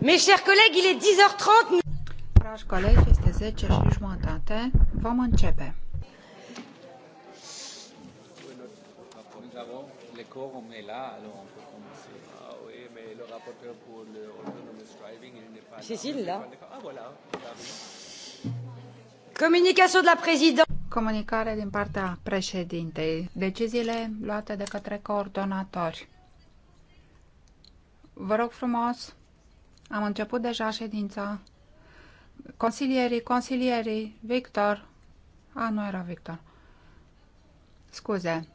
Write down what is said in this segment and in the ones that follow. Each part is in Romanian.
Mes chers collègues, il est 10h30. Dragi colegi, este 10 și jumătate. Vom începe. Ah Cécile, là. Ah, ah, Communication de la présidente. Comunicare din partea președintei. Deciziile luate de către coordonatori. Vă rog frumos am început deja ședința. Consilierii, consilierii, Victor. A, nu era Victor. Scuze.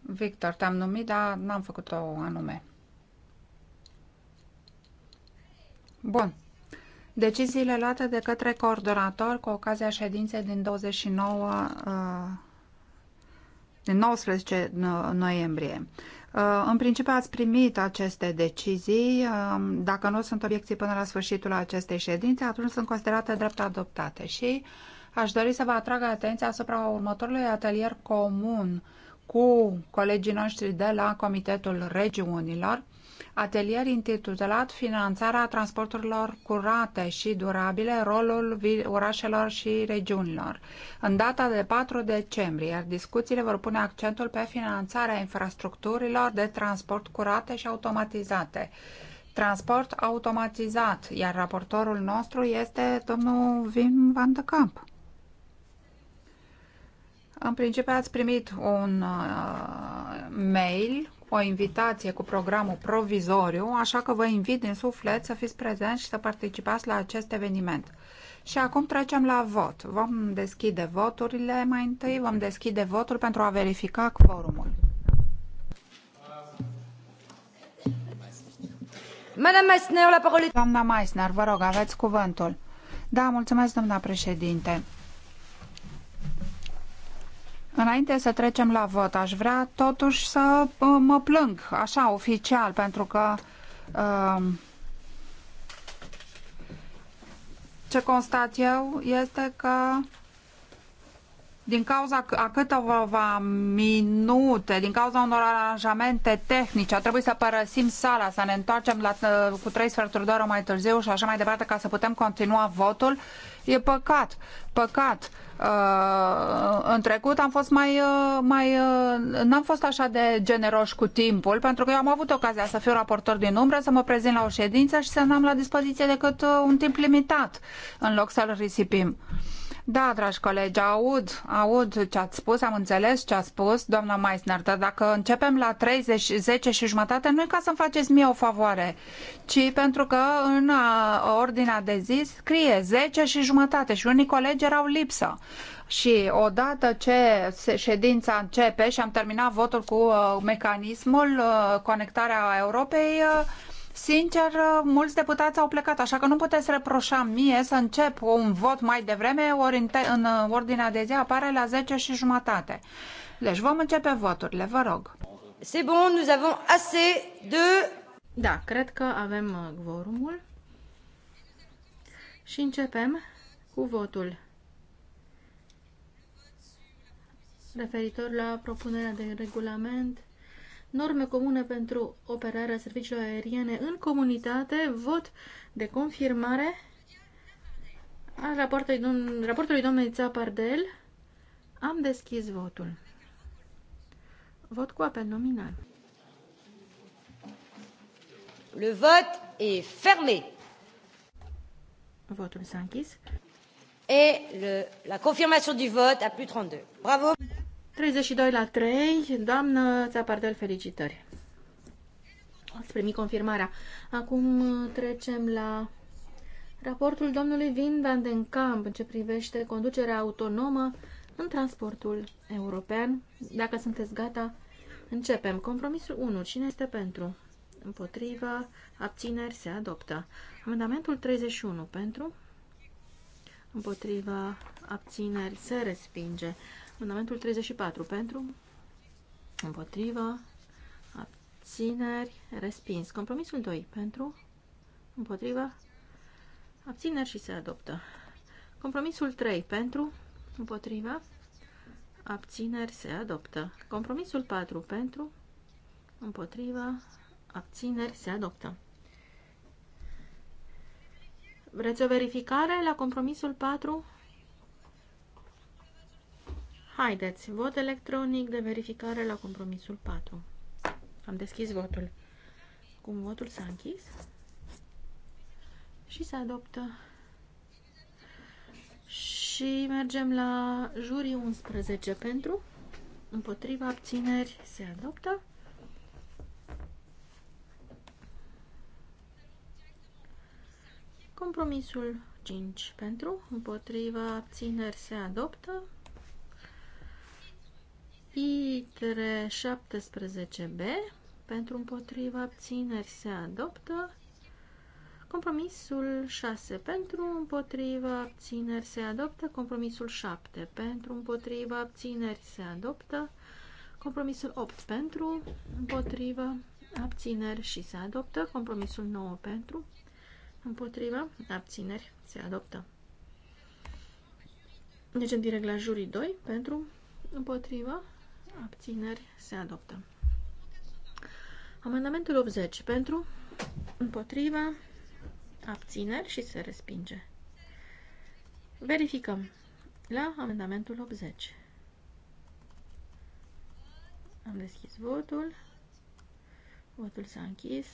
Victor, te-am numit, dar n-am făcut-o anume. Bun. Deciziile luate de către coordonator cu ocazia ședinței din 29 uh, din 19 noiembrie. Uh, în principiu ați primit aceste decizii. Um, dacă nu sunt obiecții până la sfârșitul acestei ședințe, atunci sunt considerate drept adoptate. Și aș dori să vă atrag atenția asupra următorului atelier comun cu colegii noștri de la Comitetul Regiunilor, Atelier intitulat Finanțarea transporturilor curate și durabile, rolul orașelor și regiunilor. În data de 4 decembrie, iar discuțiile vor pune accentul pe finanțarea infrastructurilor de transport curate și automatizate transport automatizat, iar raportorul nostru este domnul Vin Van de Camp. În principiu ați primit un uh, mail o invitație cu programul provizoriu, așa că vă invit din suflet să fiți prezenți și să participați la acest eveniment. Și acum trecem la vot. Vom deschide voturile mai întâi, vom deschide votul pentru a verifica quorumul. Madame Meissner, la parole. Doamna Meissner, vă rog, aveți cuvântul. Da, mulțumesc, doamna președinte. Înainte să trecem la vot, aș vrea totuși să uh, mă plâng, așa, oficial, pentru că uh, ce constat eu este că din cauza a câteva minute, din cauza unor aranjamente tehnice, a trebuit să părăsim sala, să ne întoarcem la, uh, cu trei sferturi de oră mai târziu și așa mai departe ca să putem continua votul. E păcat, păcat. Uh, Uh, în trecut am fost mai, uh, mai uh, n-am fost așa de generoși cu timpul, pentru că eu am avut ocazia să fiu raportor din umbră, să mă prezint la o ședință și să n-am la dispoziție decât un timp limitat, în loc să-l risipim. Uh, da, dragi colegi, aud, aud ce ați spus, am înțeles ce ați spus, doamna Meissner, dar dacă începem la 30, 10 și jumătate, nu e ca să-mi faceți mie o favoare, ci pentru că în ordinea de zi scrie 10 și jumătate și unii colegi erau lipsă. Și odată ce ședința începe și am terminat votul cu uh, mecanismul uh, conectarea Europei, uh, Sincer, mulți deputați au plecat, așa că nu puteți reproșa mie să încep un vot mai devreme, ori în, în uh, ordinea de zi apare la 10 și jumătate. Deci vom începe voturile, vă rog. C'est bon, nous avons assez de... Da, cred că avem vorumul. Uh, și începem cu votul referitor la propunerea de regulament norme comune pentru operarea serviciilor aeriene în comunitate, vot de confirmare a raportului, domn, raportului domnului Țapardel. Am deschis votul. Vot cu apel nominal. Le vot e fermé. Votul s-a închis. Et le, la confirmation du vote à plus 32. Bravo! 32 la 3. Doamnă Țapardel, felicitări! Ați primit confirmarea. Acum uh, trecem la raportul domnului Vin van den Kamp în ce privește conducerea autonomă în transportul european. Dacă sunteți gata, începem. Compromisul 1. Cine este pentru? Împotriva, Abțineri. Se adoptă. Amendamentul 31. Pentru? Împotriva, Abțineri. Se respinge. Amendamentul 34 pentru, împotrivă, abțineri, respins. Compromisul 2 pentru, împotrivă, abțineri și se adoptă. Compromisul 3 pentru, împotrivă, abțineri, se adoptă. Compromisul 4 pentru, împotrivă, abțineri, se adoptă. Vreți o verificare la compromisul 4? Haideți, vot electronic de verificare la compromisul 4. Am deschis votul. Cum votul s-a închis și se adoptă. Și mergem la jurii 11 pentru, împotriva abțineri se adoptă. Compromisul 5 pentru, împotriva abțineri se adoptă. ITRE 17B pentru împotriva abțineri se adoptă. Compromisul 6 pentru împotriva abțineri se adoptă. Compromisul 7 pentru împotriva abțineri se adoptă. Compromisul 8 pentru împotriva abțineri și se adoptă. Compromisul 9 pentru împotriva abțineri se adoptă. Deci în direct la jurii 2 pentru împotriva Abțineri se adoptă. Amendamentul 80 pentru, împotriva, abțineri și se respinge. Verificăm la amendamentul 80. Am deschis votul. Votul s-a închis.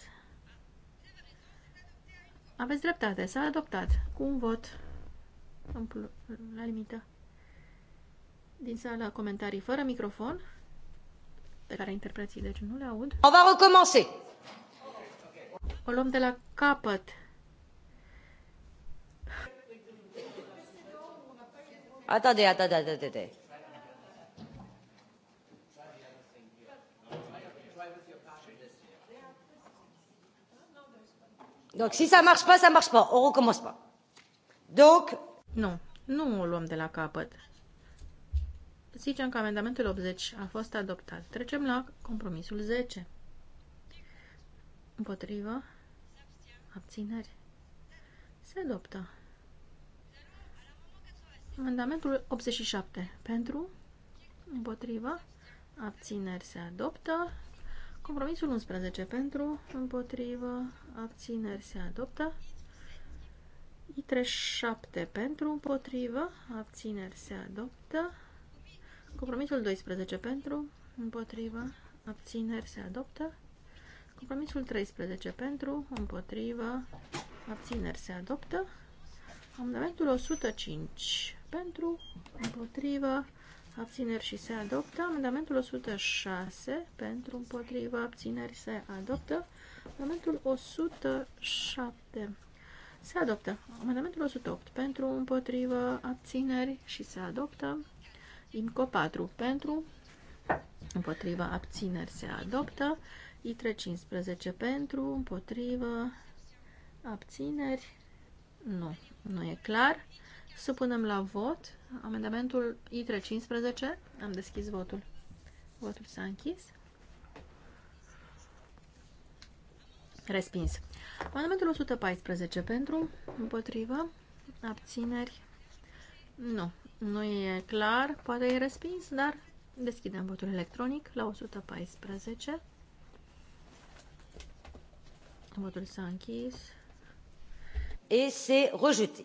Aveți dreptate, s-a adoptat cu un vot la limită din sala comentarii fără microfon, pe care interpreții deci nu le aud. On va recommencer. O luăm de la capăt. Ata de de. Donc si ça marche pas, ça marche pas. On recommence pas. Donc... Nu, nu o luăm de la capăt. Zicem că amendamentul 80 a fost adoptat. Trecem la compromisul 10. Împotrivă. Abțineri. Se adoptă. Amendamentul 87. Pentru. Împotrivă. Abțineri se adoptă. Compromisul 11 pentru, împotrivă, abțineri se adoptă. I37 pentru, împotrivă, abțineri se adoptă. Compromisul 12 pentru, împotriva, abțineri se adoptă. Compromisul 13 pentru, împotriva, abțineri se adoptă. Amendamentul 105 pentru, împotriva, abțineri și se adoptă. Amendamentul 106 pentru, împotriva, abțineri se adoptă. Amendamentul 107 se adoptă. Amendamentul 108 pentru, împotriva, abțineri și se adoptă. IMCO 4 pentru, împotriva abțineri se adoptă, i 15 pentru, împotriva abțineri, nu, nu e clar. Supunem la vot amendamentul i 15, am deschis votul. Votul s-a închis. Respins. Amendamentul 114 pentru, împotriva abțineri, nu, nu e clar, poate e respins, dar deschidem votul electronic la 114. Votul s-a închis. Et c'est rejeté.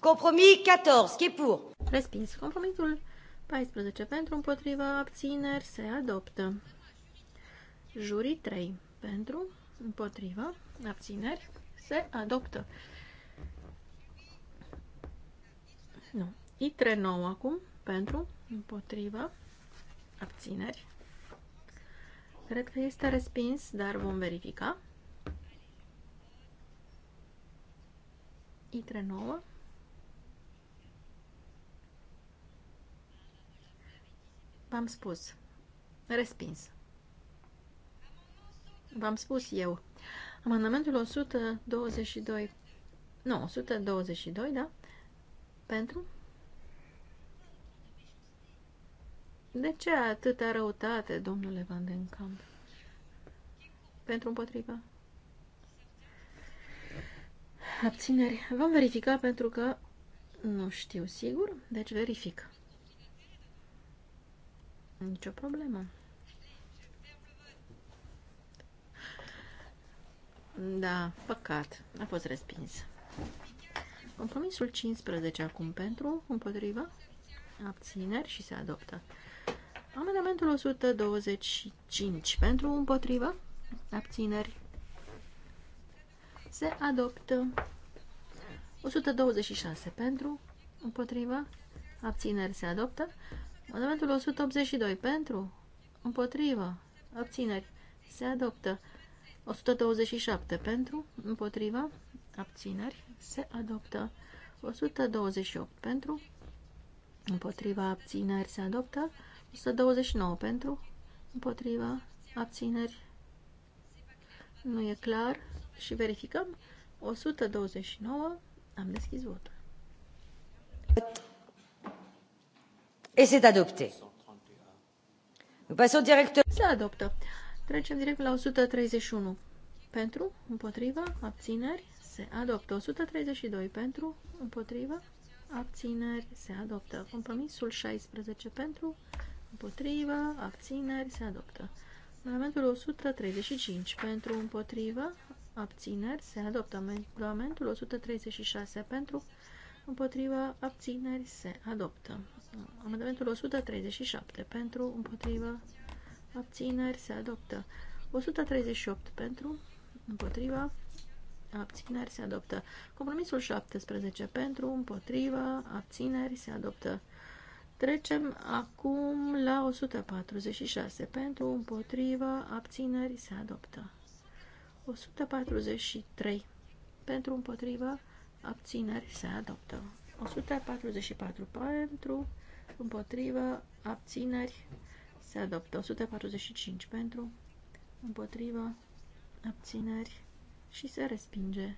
Compromis 14, qui est pour? Respins. Compromisul 14 pentru, împotriva, abțineri, se adoptă. Jurii 3 pentru, împotriva, abțineri, se adoptă. Nu. ITRE 9 acum, pentru, împotrivă, abțineri. Cred că este respins, dar vom verifica. ITRE 9. V-am spus. Respins. V-am spus eu. Amendamentul 122. Nu, 122, da? Pentru? De ce atâta răutate, domnule Van den Kamp? Pentru împotriva. Abțineri. Vom verifica pentru că nu știu sigur, deci verific. Nicio problemă. Da, păcat. A fost respins. Compromisul 15 acum pentru, împotriva, abțineri și se adoptă. Amendamentul 125 pentru împotrivă, abțineri, se adoptă. 126 pentru împotrivă, abțineri, se adoptă. Amendamentul 182 pentru împotrivă, abțineri, se adoptă. 127 pentru împotrivă, abțineri, se adoptă. 128 pentru împotriva abțineri se adoptă. 129 pentru, împotriva, abțineri, nu e clar și verificăm. 129, am deschis votul. s-a adopté. Nous direct... Se adoptă. Trecem direct la 131. Pentru, împotriva, abțineri, se adoptă. 132 pentru, împotriva, abțineri, se adoptă. Compromisul 16 pentru, împotrivă, abțineri, se adoptă. Amendamentul 135 pentru împotrivă, abțineri, se adoptă. Amendamentul 136 pentru împotrivă, abțineri, se adoptă. Amendamentul 137 pentru împotrivă, abțineri, se adoptă. 138 pentru împotriva, abțineri se adoptă. Compromisul 17 pentru, împotriva, abțineri se adoptă. Trecem acum la 146. Pentru, împotrivă, abțineri se adoptă. 143. Pentru, împotrivă, abțineri se adoptă. 144. Pentru, împotrivă, abțineri se adoptă. 145. Pentru, împotrivă, abțineri și se respinge.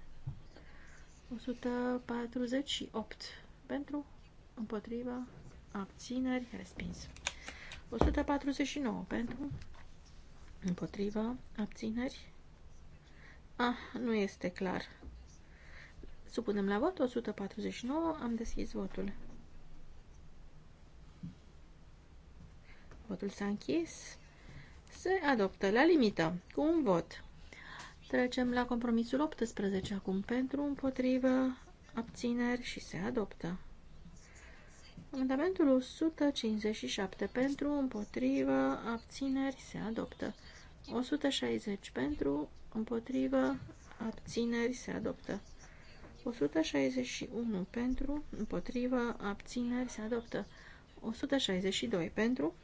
148. Pentru, împotriva, abțineri, respins. 149 pentru, împotriva, abțineri. Ah, nu este clar. Supunem la vot 149, am deschis votul. Votul s-a închis. Se adoptă la limită, cu un vot. Trecem la compromisul 18 acum pentru, împotrivă, abțineri și se adoptă. Amendamentul 157 pentru, împotrivă, abțineri se adoptă. 160 pentru, împotrivă, abțineri se adoptă. 161 pentru, împotrivă, abțineri se adoptă. 162 pentru,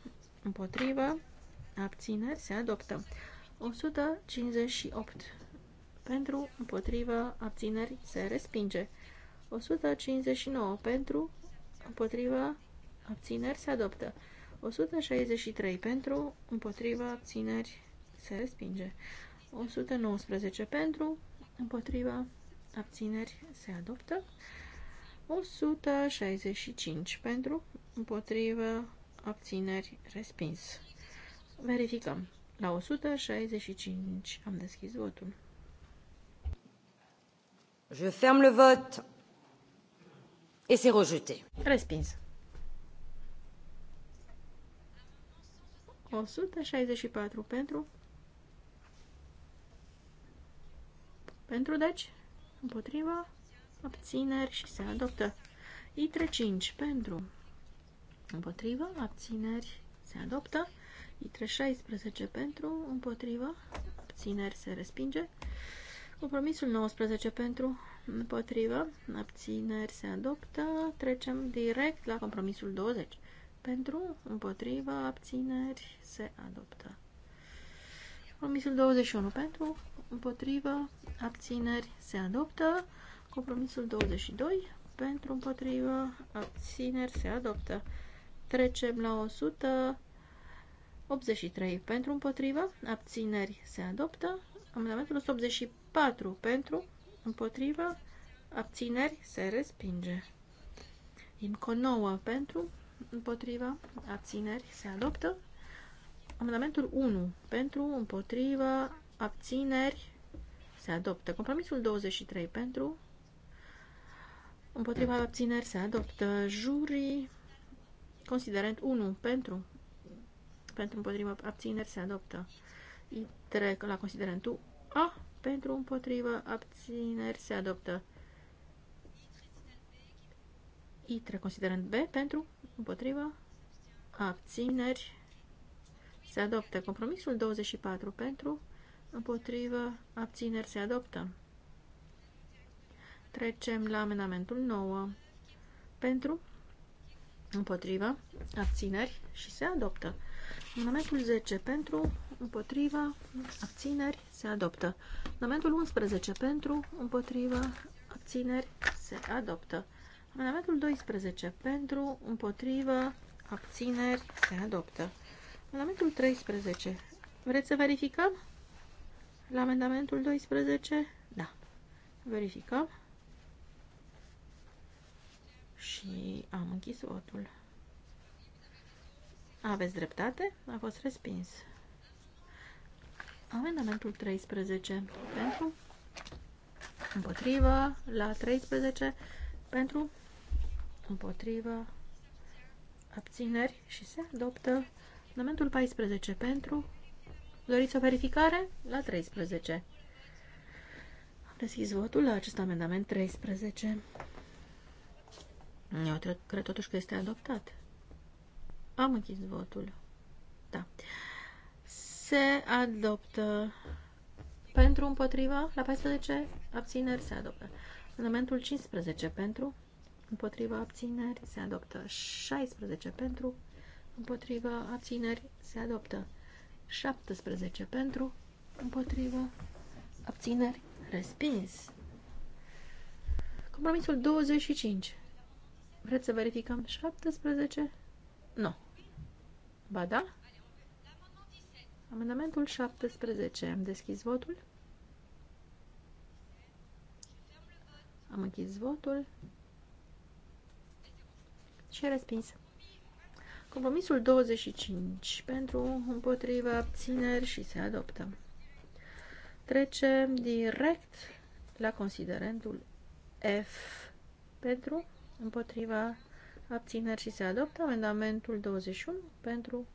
împotrivă, abțineri se adoptă. 158 pentru, împotrivă, abțineri se respinge. 159 pentru, Împotrivă, abțineri se adoptă. 163 pentru, împotrivă, abțineri se respinge. 119 pentru, împotrivă, abțineri se adoptă. 165 pentru, împotrivă, abțineri respins. Verificăm. La 165 am deschis votul. Je ferme le vote este rejeté. Respins. 164 pentru. Pentru, deci, împotriva, abțineri și se adoptă. I35 pentru. Împotriva, abțineri, se adoptă. I316 pentru, împotriva, abțineri, se respinge. Compromisul 19 pentru, împotrivă, abțineri se adoptă, trecem direct la compromisul 20. Pentru, împotrivă, abțineri se adoptă. Compromisul 21 pentru, împotrivă, abțineri se adoptă. Compromisul 22 pentru, împotrivă, abțineri se adoptă. Trecem la 183 pentru, împotrivă, abțineri se adoptă. Amendamentul 184 pentru, împotrivă, abțineri, se respinge. Imco 9 pentru, împotrivă, abțineri, se adoptă. Amendamentul 1 pentru, împotrivă, abțineri, se adoptă. Compromisul 23 pentru, împotriva abțineri, se adoptă. Jurii, considerent 1 pentru, pentru împotriva abțineri, se adoptă. I3 la considerentul A pentru împotrivă, abțineri se adoptă. ITRE considerând B pentru împotrivă, abțineri se adoptă. Compromisul 24 pentru împotrivă, abțineri se adoptă. Trecem la amenamentul 9 pentru împotrivă, abțineri și se adoptă. Amendamentul 10 pentru, împotriva, abțineri se adoptă. Amendamentul 11 pentru, împotrivă, abțineri, se adoptă. Amendamentul 12 pentru, împotrivă, abțineri, se adoptă. Amendamentul 13. Vreți să verificăm? La amendamentul 12? Da. Verificăm. Și am închis votul. Aveți dreptate? A fost respins. Amendamentul 13 pentru, împotrivă, la 13 pentru, împotrivă, abțineri și se adoptă. Amendamentul 14 pentru, doriți o verificare? La 13. Am deschis votul la acest amendament 13. Eu cred totuși că este adoptat. Am închis votul. Da se adoptă. Pentru împotriva, la 14, abțineri se adoptă. Amendamentul 15 pentru, împotriva abțineri se adoptă. 16 pentru, împotriva abțineri se adoptă. 17 pentru, împotriva abțineri respins. Compromisul 25. Vreți să verificăm 17? Nu. Ba da? Amendamentul 17. Am deschis votul. Am închis votul. Și respins. Compromisul 25 pentru împotriva abțineri și se adoptă. Trecem direct la considerentul F pentru împotriva abțineri și se adoptă amendamentul 21 pentru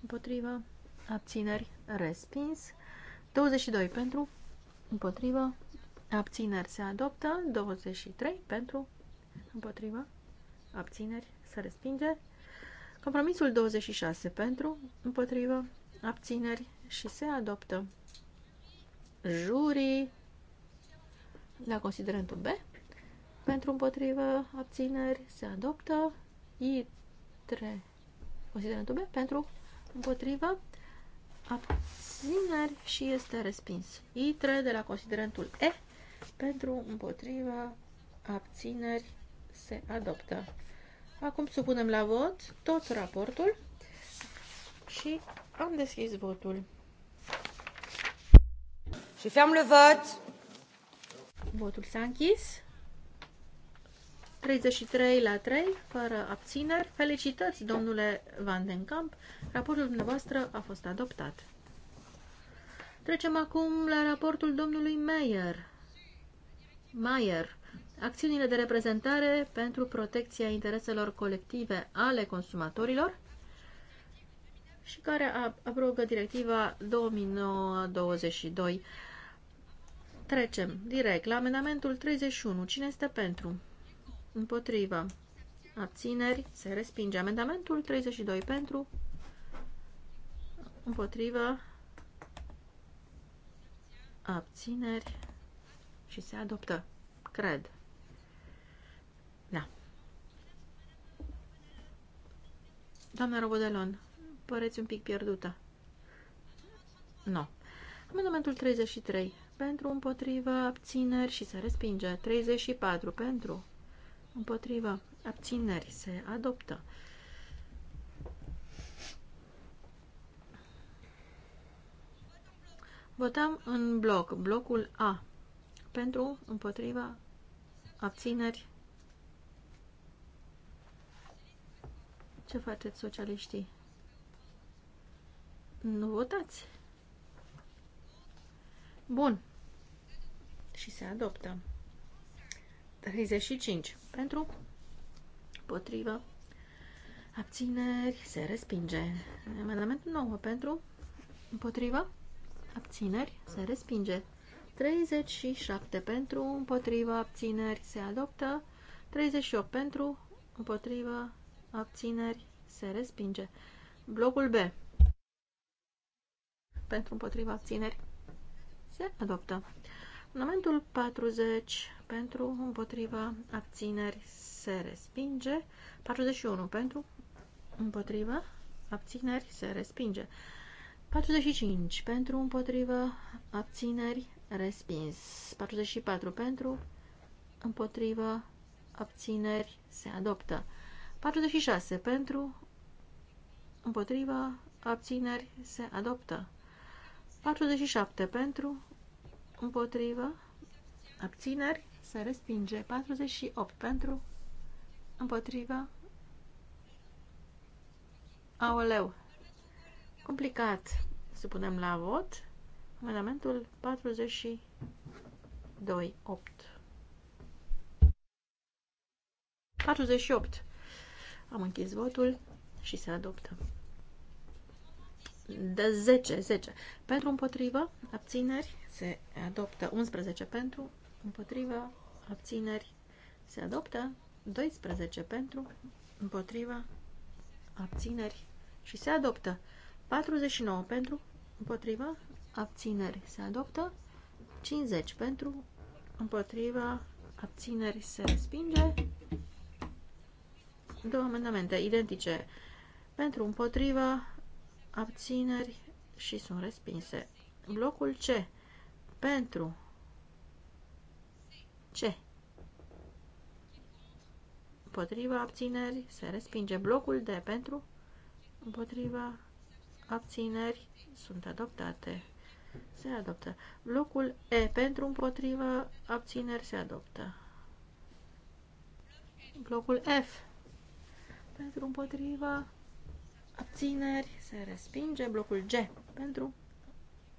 împotriva abțineri, respins. 22 pentru, împotrivă, abțineri se adoptă. 23 pentru, împotrivă, abțineri se respinge. Compromisul 26 pentru, împotrivă, abțineri și se adoptă. Jurii la considerentul B pentru împotrivă, abțineri se adoptă. I3 considerentul B pentru împotrivă, abțineri și este respins. I I3 de la considerentul E pentru împotriva abțineri se adoptă. Acum supunem la vot tot raportul și am deschis votul. Și ferm le vot. Votul s-a închis. 33 la 3, fără abțineri. Felicități, domnule Van den Kamp. Raportul dumneavoastră a fost adoptat. Trecem acum la raportul domnului Meyer. Meyer, Acțiunile de reprezentare pentru protecția intereselor colective ale consumatorilor și care abrogă directiva 2009-22. Trecem direct la amendamentul 31. Cine este pentru? Împotrivă. Abțineri. Se respinge. Amendamentul 32 pentru. Împotrivă. Abțineri. Și se adoptă. Cred. Da. Doamna Robodelon, păreți un pic pierdută. Nu. No. Amendamentul 33. Pentru, împotrivă, abțineri și se respinge. 34. Pentru, împotrivă, abțineri, se adoptă. Votăm în bloc, blocul A, pentru, împotriva, abțineri. Ce faceți socialiștii? Nu votați? Bun. Și se adoptă. 35 pentru, potrivă, abțineri, se respinge. Amendamentul 9 pentru, împotrivă, abțineri, se respinge. 37 pentru, împotrivă, abțineri, se adoptă. 38 pentru, împotrivă, abțineri, se respinge. Blocul B. Pentru împotrivă, abțineri se adoptă. Amendamentul 40 pentru, împotriva, abțineri, se respinge. 41 pentru, împotriva, abțineri, se respinge. 45 pentru, împotriva, abțineri, respins. 44 pentru, împotriva, abțineri, se adoptă. 46 pentru, împotriva, abțineri, se adoptă. 47 pentru, împotrivă, abțineri, se respinge. 48 pentru, împotrivă, aoleu. Complicat. să punem la vot amendamentul 42, 8. 48. Am închis votul și se adoptă. De 10, 10. Pentru împotrivă, abțineri, se adoptă 11 pentru, împotriva, abțineri, se adoptă 12 pentru, împotriva, abțineri și se adoptă 49 pentru, împotriva, abțineri, se adoptă 50 pentru, împotriva, abțineri, se respinge două amendamente identice pentru, împotriva, abțineri și sunt respinse. Blocul C pentru. Ce? Împotriva abțineri se respinge blocul de pentru. Împotriva abțineri sunt adoptate. Se adoptă. Blocul E pentru împotriva abțineri se adoptă. Blocul F pentru împotriva abțineri se respinge. Blocul G pentru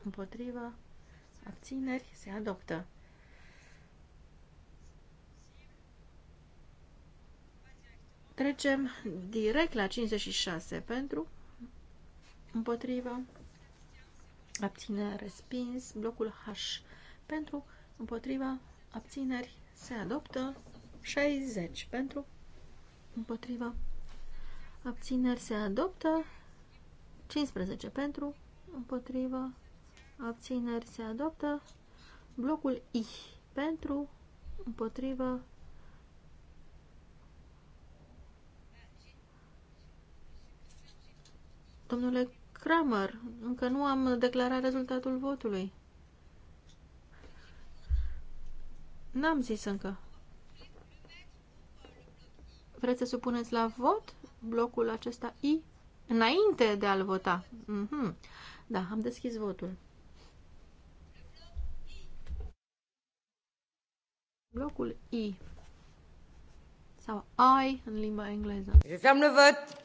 împotriva abțineri, se adoptă. Trecem direct la 56 pentru, împotriva, abțineri, respins, blocul H pentru, împotriva, abțineri, se adoptă 60 pentru, împotriva, abțineri, se adoptă 15 pentru, împotriva, abțineri se adoptă. Blocul I pentru, împotrivă, Domnule Kramer, încă nu am declarat rezultatul votului. N-am zis încă. Vreți să supuneți la vot blocul acesta I? Înainte de a-l vota. Mm -hmm. Da, am deschis votul. Locul I sau I în limba engleză. Je ferme le vot.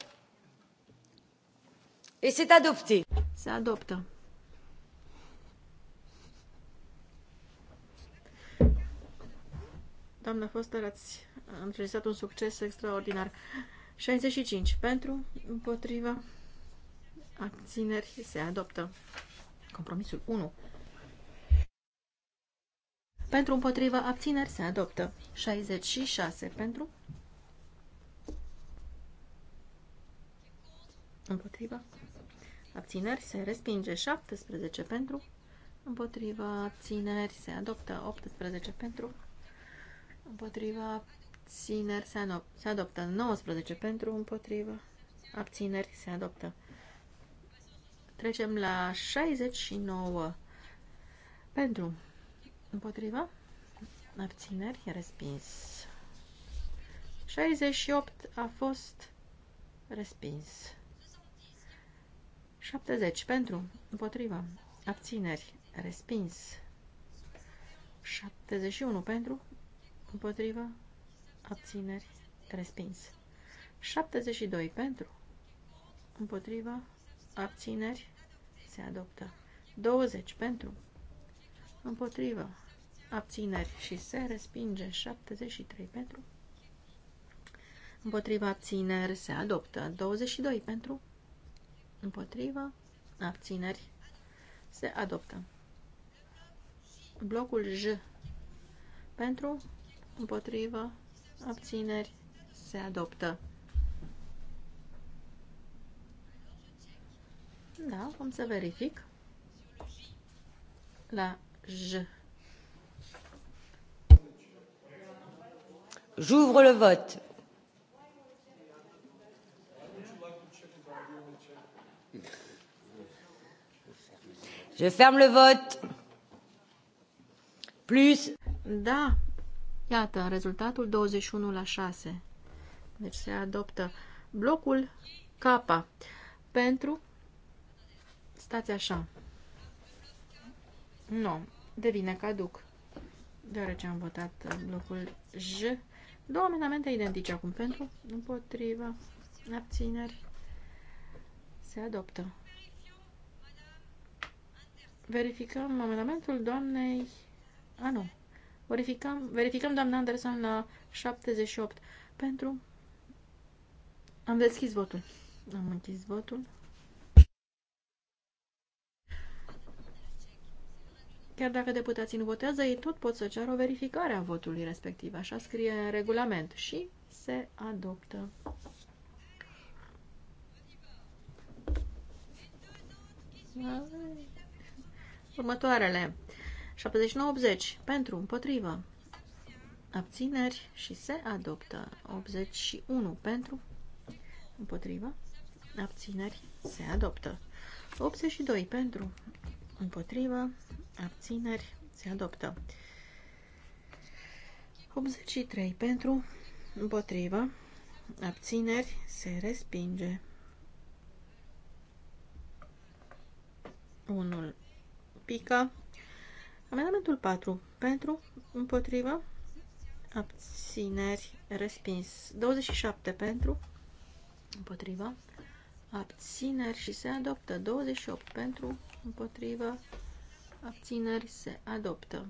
Et c'est adopté. Se adoptă. Doamna Foster, ați înregistrat un succes extraordinar. 65. Pentru, împotriva, abțineri, se adoptă. Compromisul 1. Pentru împotrivă abțineri se adoptă. 66 pentru. Împotrivă. Abțineri se respinge. 17 pentru. Împotrivă abțineri se adoptă. 18 pentru. Împotriva abțineri se, se adoptă. 19 pentru. Împotrivă. Abțineri se adoptă. Trecem la 69 pentru Împotriva? Abțineri? Respins. 68 a fost respins. 70 pentru, împotriva, abțineri, respins. 71 pentru, împotriva, abțineri, respins. 72 pentru, împotriva, abțineri, se adoptă. 20 pentru, împotrivă, abțineri și se respinge 73 pentru, Împotriva abțineri se adoptă 22 pentru, Împotriva abțineri se adoptă. Blocul J pentru, Împotriva abțineri se adoptă. Da, vom să verific. La J. J'ouvre le vote. Je ferme le vote. Plus. Da. Iată, rezultatul 21 la 6. Deci se adoptă blocul K pentru. Stați așa. Nu. Devine caduc. Deoarece am votat blocul J. Două amendamente identice acum pentru, împotriva, abțineri. Se adoptă. Verificăm amendamentul doamnei... A, nu. Verificăm, verificăm doamna Anderson la 78 pentru... Am deschis votul. Am închis votul. Chiar dacă deputații nu votează, ei tot pot să ceară o verificare a votului respectiv. Așa scrie în regulament și se adoptă. Următoarele. 79-80. Pentru, împotrivă. Abțineri și se adoptă. 81. Pentru, împotrivă. Abțineri se adoptă. 82. Pentru, împotrivă abțineri, se adoptă. 83 pentru, împotrivă, abțineri, se respinge. 1 pică. Amendamentul 4 pentru, împotrivă, abțineri, respins. 27 pentru, împotrivă, abțineri și se adoptă. 28 pentru, împotrivă, abțineri se adoptă.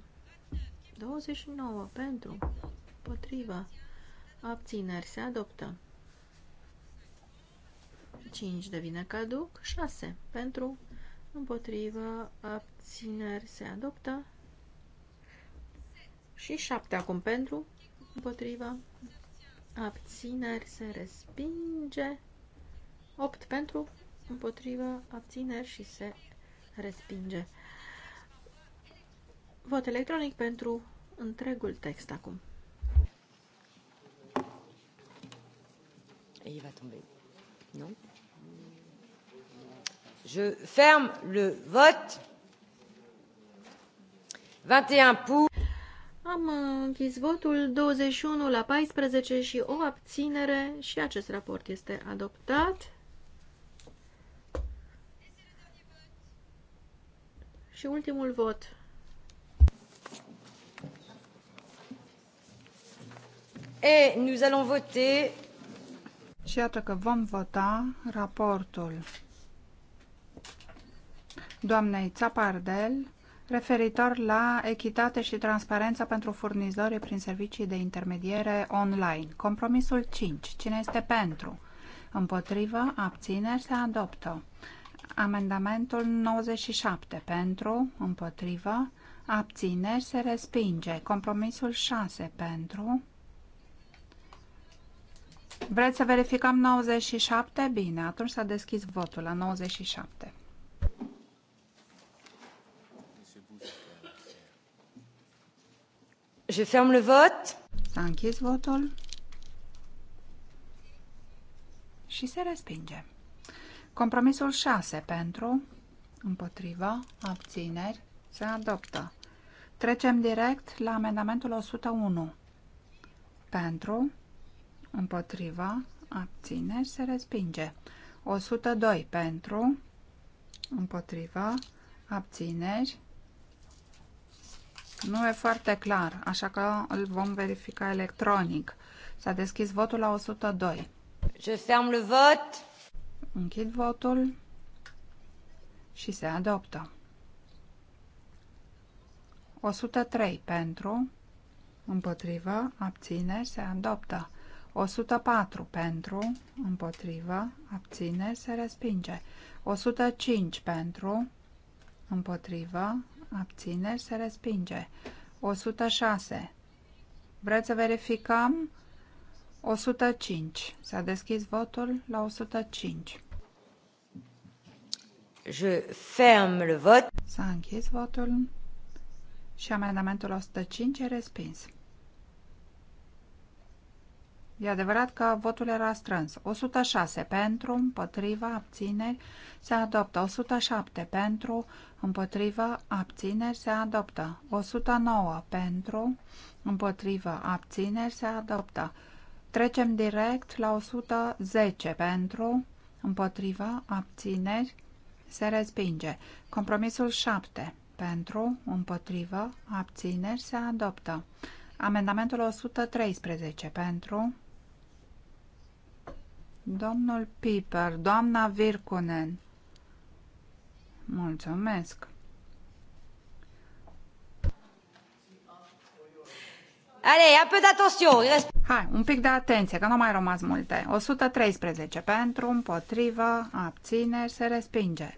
29 pentru, potriva, abțineri se adoptă. 5 devine caduc, 6 pentru, împotriva, abțineri se adoptă. Și 7 acum pentru, împotriva, abțineri se respinge. 8 pentru, împotriva, abțineri și se respinge. Vot electronic pentru întregul text acum. Et il va tomber. Non Je ferme le vote. 21 pour. Am închis votul 21 la 14 și o abținere și acest raport este adoptat. Și ultimul vot. Et nous allons voter. Și iată că vom vota raportul doamnei Țapardel referitor la echitate și transparență pentru furnizorii prin servicii de intermediere online. Compromisul 5. Cine este pentru? Împotrivă, abțineri, se adoptă. Amendamentul 97. Pentru, împotrivă, abțineri, se respinge. Compromisul 6. Pentru, Vreți să verificăm 97? Bine, atunci s-a deschis votul la 97. Je ferme le vot. S-a închis votul. Și se respinge. Compromisul 6 pentru, împotriva, abțineri, se adoptă. Trecem direct la amendamentul 101. Pentru, împotriva, abțineri, se respinge. 102 pentru, împotriva, abțineri. Nu e foarte clar, așa că îl vom verifica electronic. S-a deschis votul la 102. Je ferme le vot. Închid votul și se adoptă. 103 pentru, împotriva, abțineri, se adoptă. 104 pentru, împotrivă, abține, se respinge. 105 pentru, împotrivă, abține, se respinge. 106. Vreți să verificăm? 105. S-a deschis votul la 105. Je ferme le vot. S-a închis votul și amendamentul 105 e respins. E adevărat că votul era strâns. 106 pentru, împotriva, abțineri, se adoptă. 107 pentru, împotriva, abțineri, se adoptă. 109 pentru, împotriva, abțineri, se adoptă. Trecem direct la 110 pentru, împotriva, abțineri, se respinge. Compromisul 7 pentru, împotriva, abțineri, se adoptă. Amendamentul 113 pentru, Domnul Piper, doamna Virkunen. Mulțumesc. Ale, un Hai, un pic de atenție, că nu mai rămas multe. 113 pentru, împotrivă, abțineri, se respinge.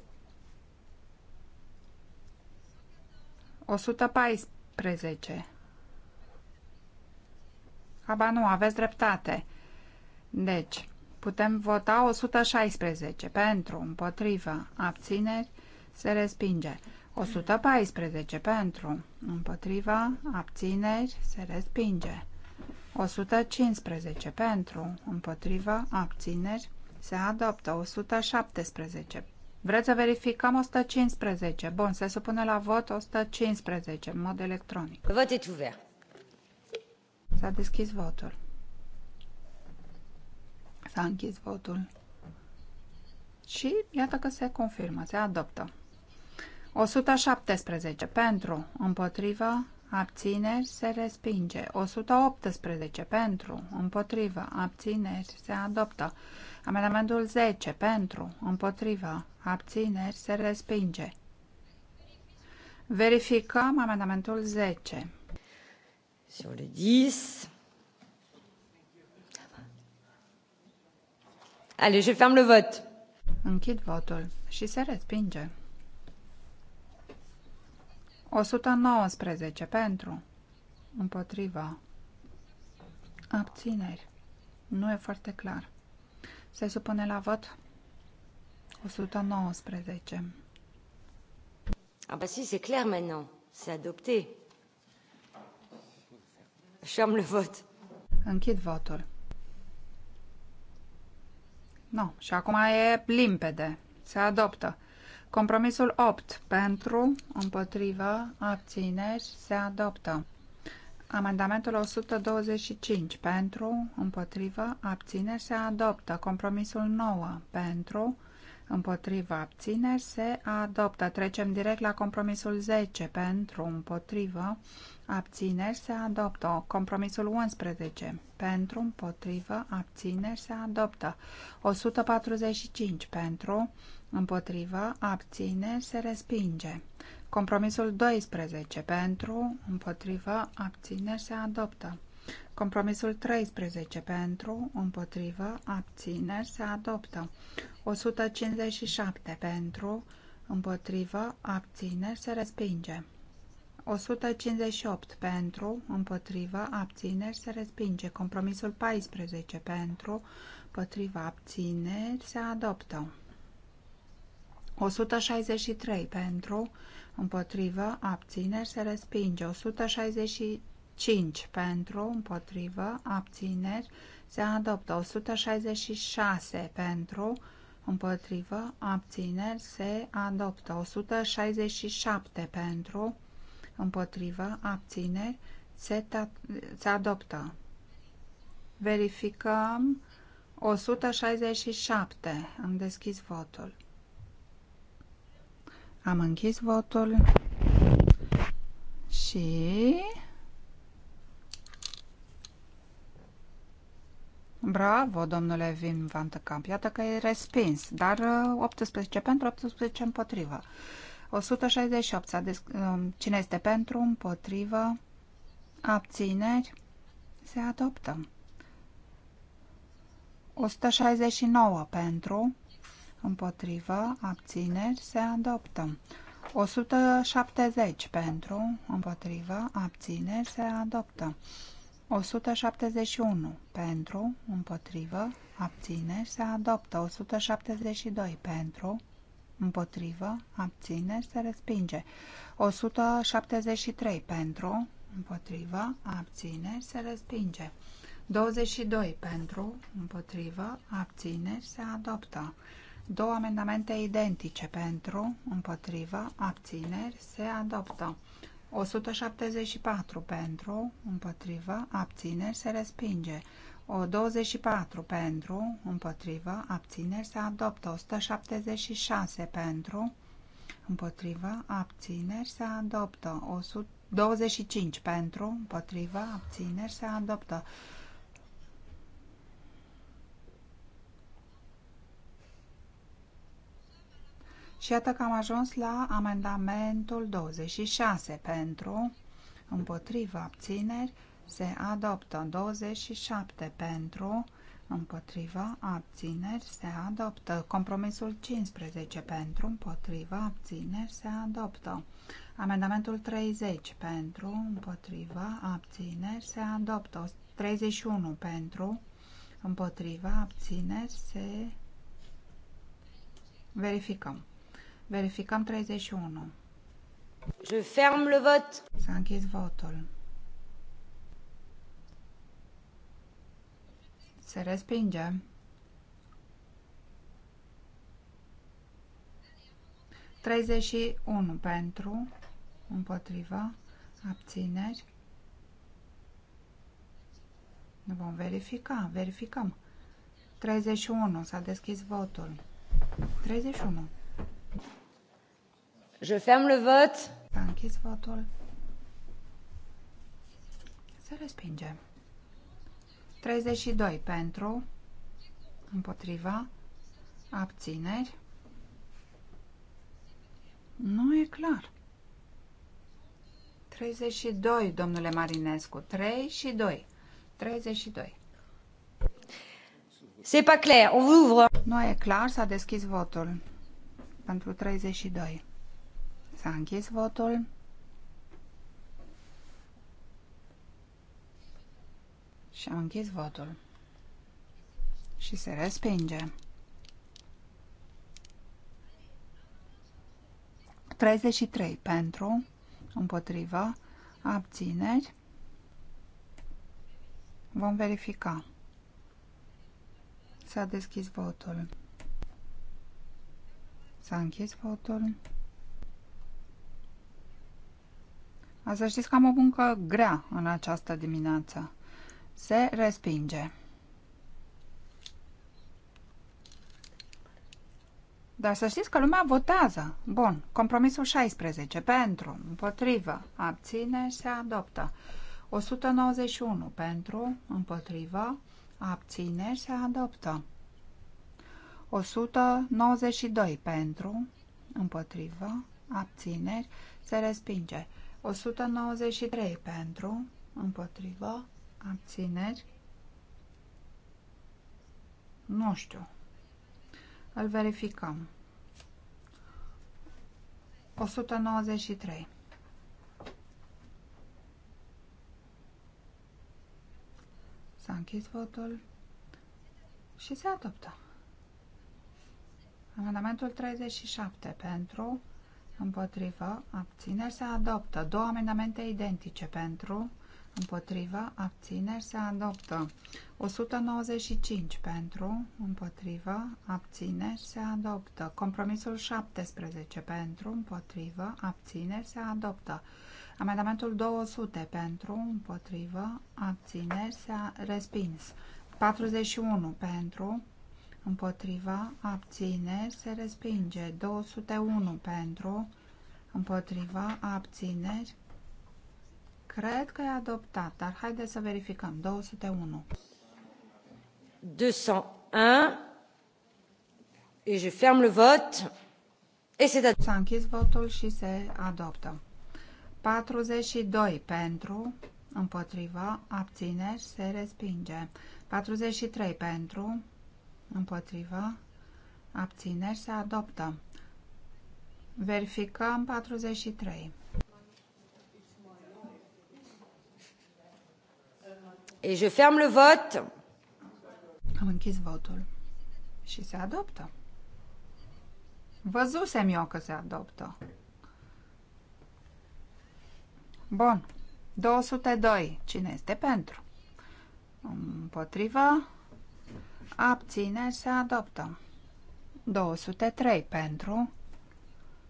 114. Aba nu, aveți dreptate. Deci, Putem vota 116 pentru, împotrivă, abțineri, se respinge. 114 pentru, împotriva, abțineri, se respinge. 115 pentru, împotriva, abțineri, se adoptă. 117. Vreți să verificăm 115? Bun, se supune la vot 115 în mod electronic. Vot S-a deschis votul. S-a închis votul. Și iată că se confirmă, se adoptă. 117 pentru, împotrivă, abțineri, se respinge. 118 pentru, împotrivă, abțineri, se adoptă. Amendamentul 10 pentru, împotrivă, abțineri, se respinge. Verificăm amendamentul 10. Sur le 10. Allez, je ferme le vot. Închid votul și se respinge. 119 pentru, împotriva, abțineri. Nu e foarte clar. Se supune la vot 119. Ah bah si, c'est clair maintenant. C'est adopté. Je ferme le vote. Închid votul. Nu. Și acum e limpede. Se adoptă. Compromisul 8. Pentru, împotrivă, abțineri, se adoptă. Amendamentul 125. Pentru, împotrivă, abțineri, se adoptă. Compromisul 9. Pentru, împotriva abțineri se adoptă. Trecem direct la compromisul 10 pentru împotriva abțineri se adoptă. Compromisul 11 pentru împotriva abțineri se adoptă. 145 pentru împotriva abțineri se respinge. Compromisul 12 pentru împotriva abțineri se adoptă. Compromisul 13 pentru, împotrivă, abțineri se adoptă. 157 pentru, împotrivă, abțineri se respinge. 158 pentru, împotrivă, abțineri se respinge. Compromisul 14 pentru, împotrivă, abțineri se adoptă. 163 pentru, împotrivă, abțineri se respinge. 160 5 pentru, împotrivă, abțineri, se adoptă 166 pentru, împotrivă, abțineri, se adoptă 167 pentru, împotrivă, abțineri, se, se adoptă. Verificăm 167. Am deschis votul. Am închis votul și Bravo, domnule Vin Van Iată că e respins, dar 18 uh, pentru, 18 împotrivă. 168. Um, cine este pentru, împotrivă, abțineri, se adoptă. 169 pentru, împotrivă, abțineri, se adoptă. 170 pentru, împotrivă, abțineri, se adoptă. 171 pentru, împotrivă, abțineri se adoptă. 172 pentru, împotrivă, abțineri se respinge. 173 pentru, împotrivă, abțineri se respinge. 22 pentru, împotrivă, abțineri se adoptă. Două amendamente identice pentru, împotrivă, abțineri se adoptă. 174 pentru, împotrivă, abțineri, se respinge. O 24 pentru, împotrivă, abțineri, se adoptă. 176 pentru, împotrivă, abțineri, se adoptă. 125 pentru, împotrivă, abțineri, se adoptă. Și iată că am ajuns la amendamentul 26 pentru, împotriva abțineri, se adoptă 27 pentru, împotriva abțineri, se adoptă. Compromisul 15 pentru, împotriva abțineri, se adoptă. Amendamentul 30 pentru, împotriva abțineri, se adoptă. 31 pentru, împotriva abțineri, se... Verificăm. Verificăm 31. Je ferme le vot. S-a închis votul. Se respinge. Treizeci și unu pentru, împotriva, abțineri. Vom verifica, verificăm. 31, s-a deschis votul. 31. Je ferme le vot. Am închis votul. Se respinge. 32 pentru, împotriva, abțineri. Nu e clar. 32, domnule Marinescu. 3 și 2. 32. C'est pas clair, on vous ouvre. Nu e clar, s-a deschis votul pentru 32. S-a închis votul. Și am închis votul. Și se respinge. 33 pentru, împotriva, abțineri. Vom verifica. S-a deschis votul. S-a închis votul. Să știți că am o muncă grea în această dimineață. Se respinge. Dar să știți că lumea votează. Bun, compromisul 16. Pentru, împotrivă, abține, se adoptă. 191 pentru, împotrivă, abține, se adoptă. 192 pentru, împotrivă, abțineri, se respinge. 193 pentru, împotriva, abțineri. Nu știu. Îl verificăm. 193. S-a închis votul și se adoptă. Amendamentul 37 pentru, împotrivă, abțineri se adoptă. Două amendamente identice pentru, împotrivă, abțineri se adoptă. 195 pentru, împotrivă, abțineri se adoptă. Compromisul 17 pentru, împotrivă, abțineri se adoptă. Amendamentul 200 pentru, împotrivă, abțineri se a respins. 41 pentru, împotriva, abține, se respinge. 201 pentru, împotriva, abține, Cred că e adoptat, dar haideți să verificăm. 201. 201. Et je ferme le vote. S-a închis votul și se adoptă. 42 pentru, împotriva, abțineri, se respinge. 43 pentru, Împotrivă. Abțineri se adoptă. Verificăm 43. Et je ferme le vote. Am închis votul. Și se adoptă. Văzusem eu că se adoptă. Bun. 202. Cine este pentru? Împotrivă abține se adoptă. 203 pentru,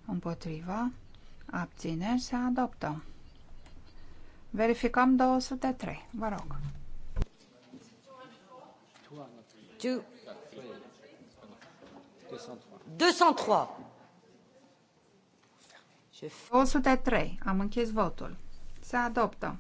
împotrivă, abține se adoptă. Verificăm 203, vă rog. 203. 203. 203. Am închis votul. Se adoptă.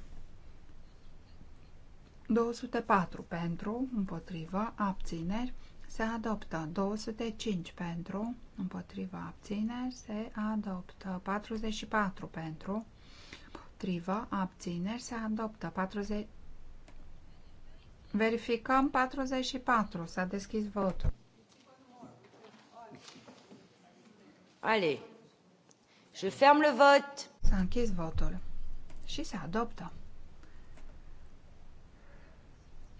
204 pentru, împotrivă, abțineri, se adoptă. 205 pentru, împotrivă, abțineri, se adoptă. 44 pentru, împotrivă, abțineri, se adoptă. 40... Verificăm 44. S-a deschis votul. Allez, je ferme le vote. S-a închis votul și se adoptă.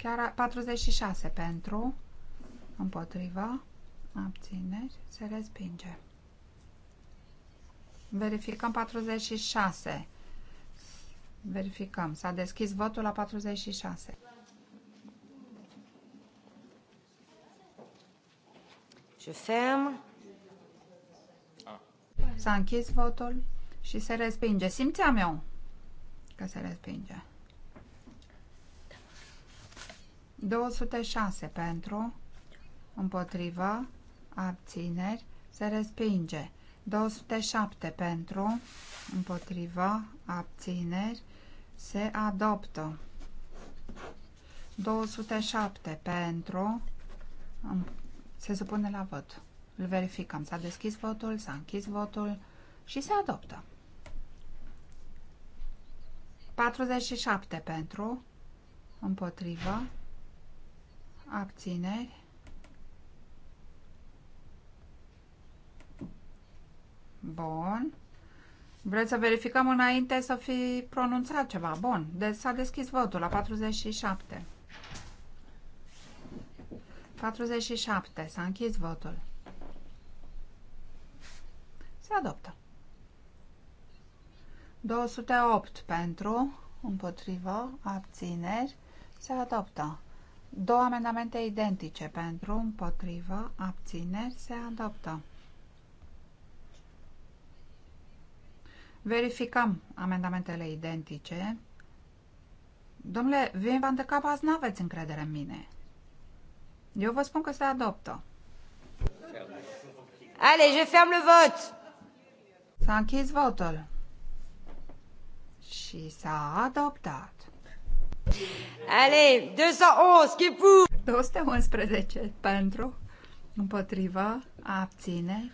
Chiar 46 pentru, împotriva, abțineri, se respinge. Verificăm 46. Verificăm. S-a deschis votul la 46. Je ferme. S-a închis votul și se respinge. Simțeam eu că se respinge. 206 pentru, împotriva, abțineri, se respinge. 207 pentru, împotriva, abțineri, se adoptă. 207 pentru, se supune la vot. Îl verificăm. S-a deschis votul, s-a închis votul și se adoptă. 47 pentru, împotriva, abțineri. Bun. Vreți să verificăm înainte să fi pronunțat ceva? Bun. Deci s-a deschis votul la 47. 47. S-a închis votul. Se adoptă. 208 pentru, împotrivă, abțineri, se adoptă. Două amendamente identice pentru, împotrivă, abțineri se adoptă. Verificăm amendamentele identice. Domnule, Vin v-am de Cap, azi n-aveți încredere în mine. Eu vă spun că se adoptă. Ale, je fiam le vot! S-a închis votul. Și s-a adoptat. Ale, 211, pour! 211 pentru, împotrivă, abține,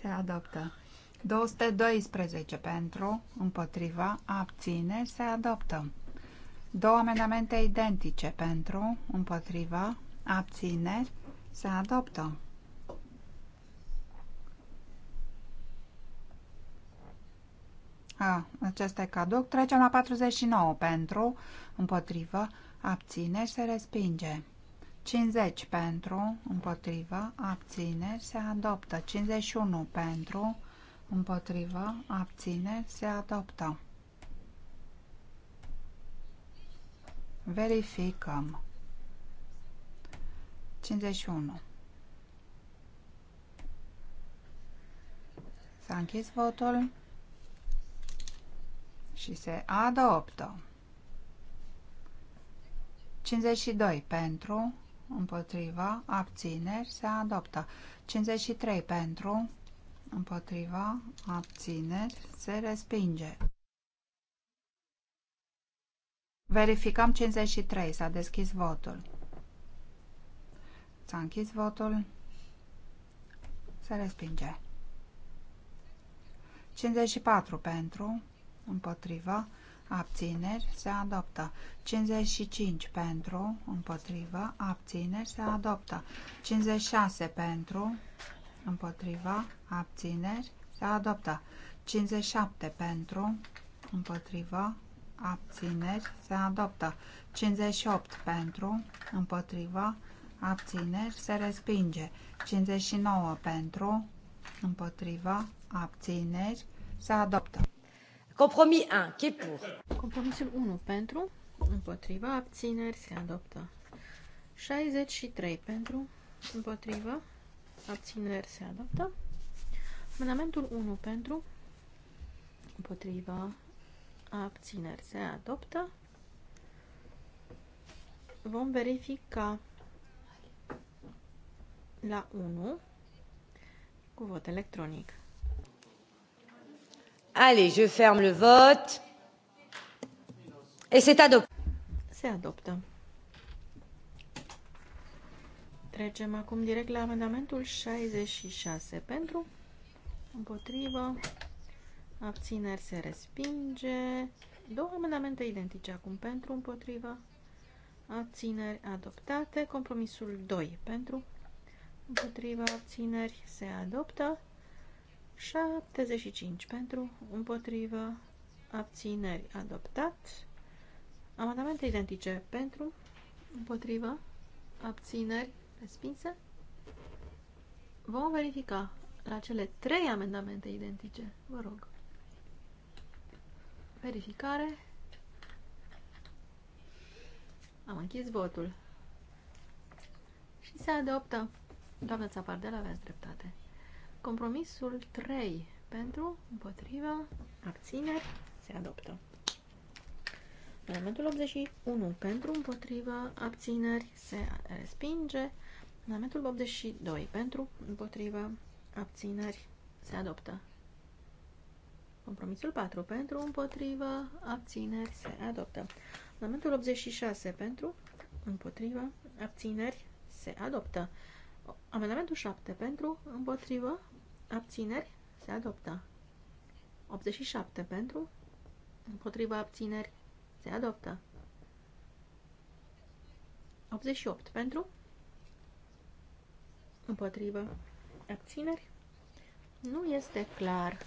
se adoptă. 212 pentru, împotriva, abține, se adoptă. Două amendamente identice pentru, împotriva, abține se adoptă. A, acesta e caduc. Trecem la 49 pentru, împotrivă, abțineri, se respinge. 50 pentru, împotrivă, abțineri, se adoptă. 51 pentru, împotrivă, abțineri, se adoptă. Verificăm. 51. S-a închis votul și se adoptă. 52 pentru, împotriva, abțineri, se adoptă. 53 pentru, împotriva, abțineri, se respinge. Verificăm 53, s-a deschis votul. S-a închis votul, se respinge. 54 pentru, împotriva, abțineri, se adoptă. 55 pentru, împotrivă, abțineri, se adoptă. 56 pentru, împotrivă, abțineri, se adoptă. 57 pentru, împotrivă, abțineri, se adoptă. 58 pentru, împotrivă, abțineri, se respinge. 59 pentru, împotrivă, abțineri, se adoptă. Compromis 1, qui est pour? Compromisul 1 pentru, împotriva, abțineri, se adoptă. 63 pentru, împotriva, abțineri, se adoptă. Amendamentul 1 pentru, împotriva, abțineri, se adoptă. Vom verifica la 1 cu vot electronic. Allez, je ferme le vote. Et c'est adopté. Se adoptă. Trecem acum direct la amendamentul 66. Pentru, împotrivă, abțineri se respinge. Două amendamente identice acum. Pentru, împotrivă, abțineri adoptate. Compromisul 2. Pentru, împotrivă, abțineri se adoptă. 75 pentru, împotrivă, abțineri, adoptat. Amendamente identice pentru, împotrivă, abțineri, respinse. Vom verifica la cele trei amendamente identice. Vă rog. Verificare. Am închis votul. Și se adoptă. Doamna Țapardel, aveați dreptate. Compromisul 3 pentru, împotriva, abțineri, se adoptă. Amendamentul 81 pentru, împotriva, abțineri, se respinge. Amendamentul 82 pentru, împotriva, abțineri, se adoptă. Compromisul 4 pentru, împotriva, abțineri, se adoptă. Amendamentul 86 pentru, împotriva, abțineri, se adoptă. Amendamentul 7 pentru, împotrivă, abțineri, se adoptă. 87 pentru, împotrivă abțineri, se adoptă. 88 pentru, împotrivă abțineri, nu este clar.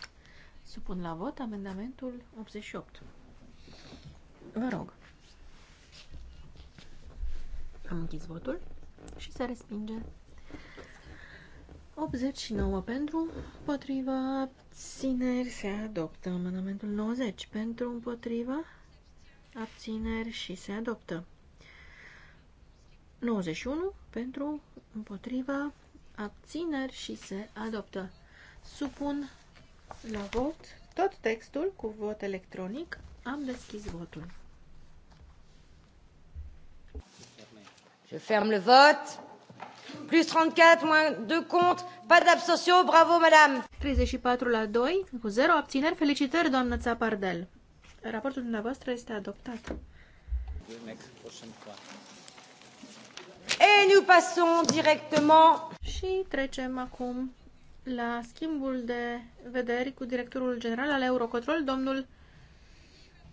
Supun la vot amendamentul 88. Vă rog. Am închis votul și se respinge 89 pentru, împotriva, abțineri se adoptă. Amendamentul 90 pentru, împotriva, abțineri și se adoptă. 91 pentru, împotriva, abțineri și se adoptă. Supun la vot tot textul cu vot electronic. Am deschis votul. Je ferme le vote. Plus 34, moins 2 compte, pas d'abstention, bravo madame! 34 la 2, cu 0 abțineri, felicitări doamnă Țapardel. Raportul dumneavoastră este adoptat. Et nous passons directement. Și trecem acum la schimbul de vederi cu directorul general al Eurocontrol, domnul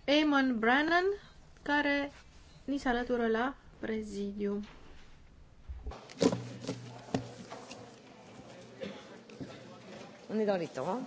Eamon Brannan, care ni se alătură la prezidiu. on est dans les temps.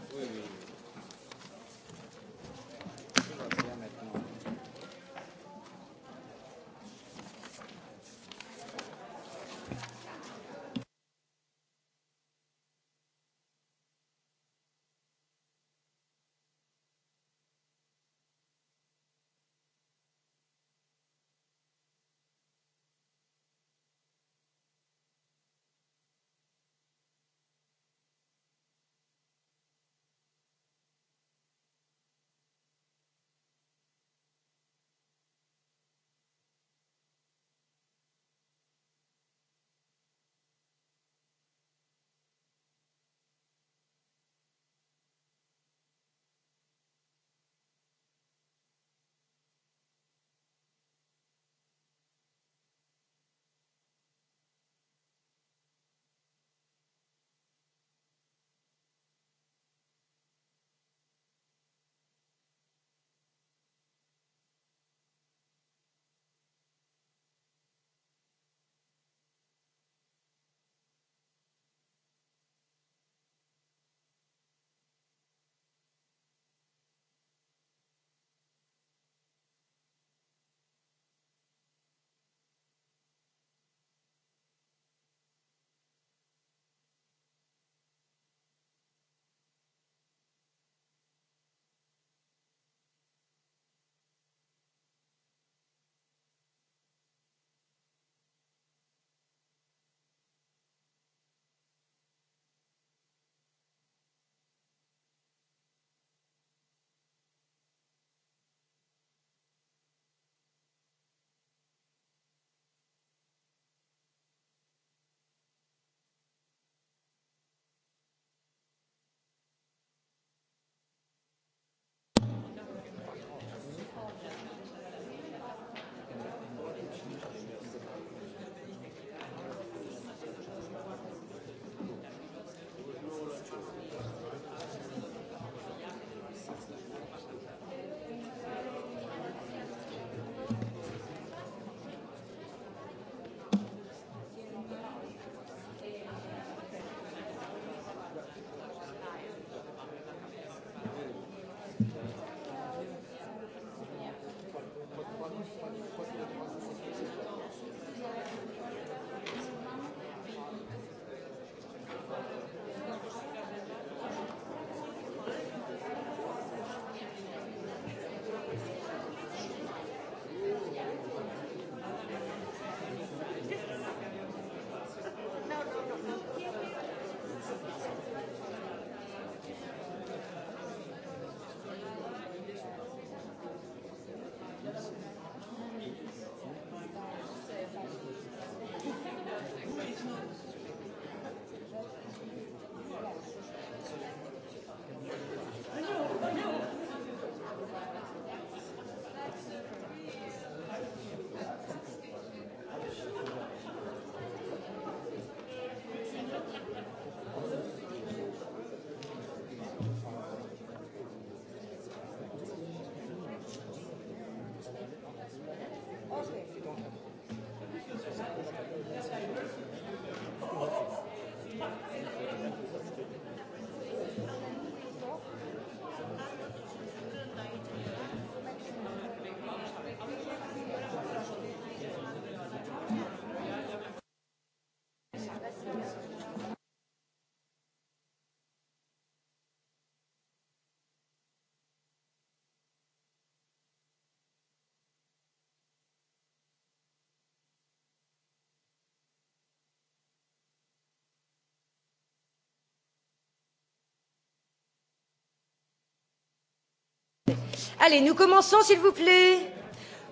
Allez, nous commençons, s'il vous plaît.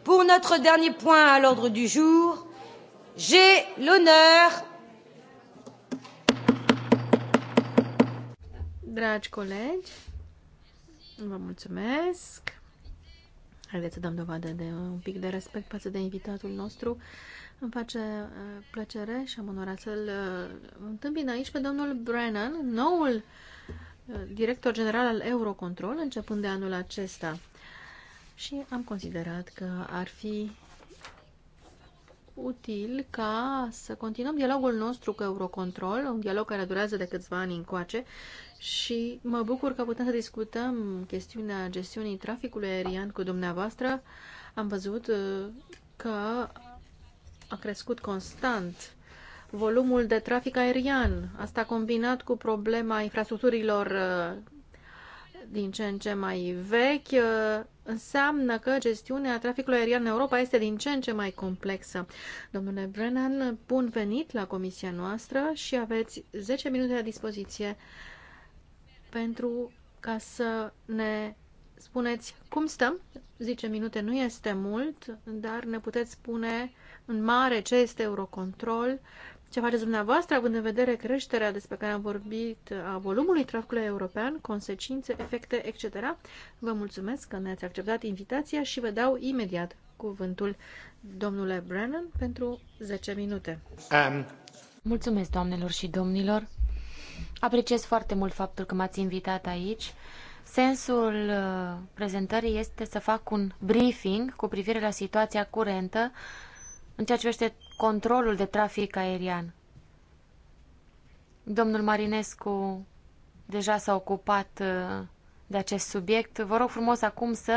Pour notre dernier point à l'ordre du jour, j'ai l'honneur. Dragi colegi, vă mulțumesc. Haideți să dăm dovadă de un pic de respect față de invitatul nostru. Îmi face uh, plăcere și am onoarea să-l uh, întâmpin aici pe domnul Brennan, noul uh, director general al Eurocontrol, începând de anul acesta și am considerat că ar fi util ca să continuăm dialogul nostru cu Eurocontrol, un dialog care durează de câțiva ani încoace și mă bucur că putem să discutăm chestiunea gestiunii traficului aerian cu dumneavoastră. Am văzut uh, că a crescut constant volumul de trafic aerian, asta combinat cu problema infrastructurilor uh, din ce în ce mai vechi uh, înseamnă că gestiunea traficului aerian în Europa este din ce în ce mai complexă. Domnule Brennan, bun venit la comisia noastră și aveți 10 minute la dispoziție pentru ca să ne spuneți cum stăm. 10 minute nu este mult, dar ne puteți spune în mare ce este Eurocontrol, ce faceți dumneavoastră, având în vedere creșterea despre care am vorbit a volumului traficului european, consecințe, efecte, etc. Vă mulțumesc că ne-ați acceptat invitația și vă dau imediat cuvântul domnule Brennan pentru 10 minute. Um. Mulțumesc, doamnelor și domnilor. Apreciez foarte mult faptul că m-ați invitat aici. Sensul uh, prezentării este să fac un briefing cu privire la situația curentă în ceea ce privește controlul de trafic aerian. Domnul Marinescu deja s-a ocupat uh, de acest subiect. Vă rog frumos acum să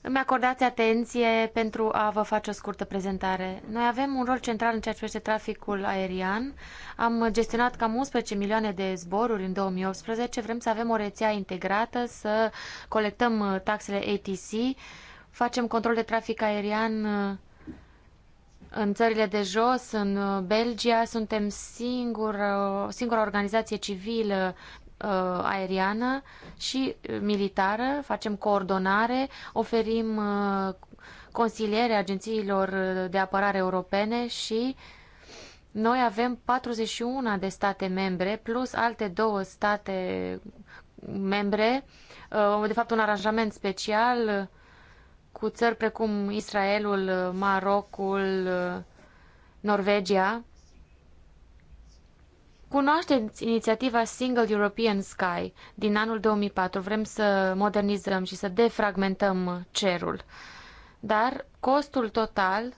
îmi acordați atenție pentru a vă face o scurtă prezentare. Noi avem un rol central în ceea ce privește traficul aerian. Am gestionat cam 11 milioane de zboruri în 2018. Vrem să avem o rețea integrată, să colectăm uh, taxele ATC, facem control de trafic aerian uh, în țările de jos, în uh, Belgia, suntem singură, singura organizație civilă uh, aeriană și uh, militară, facem coordonare, oferim consiliere agențiilor de apărare europene și noi avem 41 de state membre plus alte două state membre, de fapt un aranjament special cu țări precum Israelul, Marocul, Norvegia. Cunoașteți inițiativa Single European Sky din anul 2004. Vrem să modernizăm și să defragmentăm cerul. Dar costul total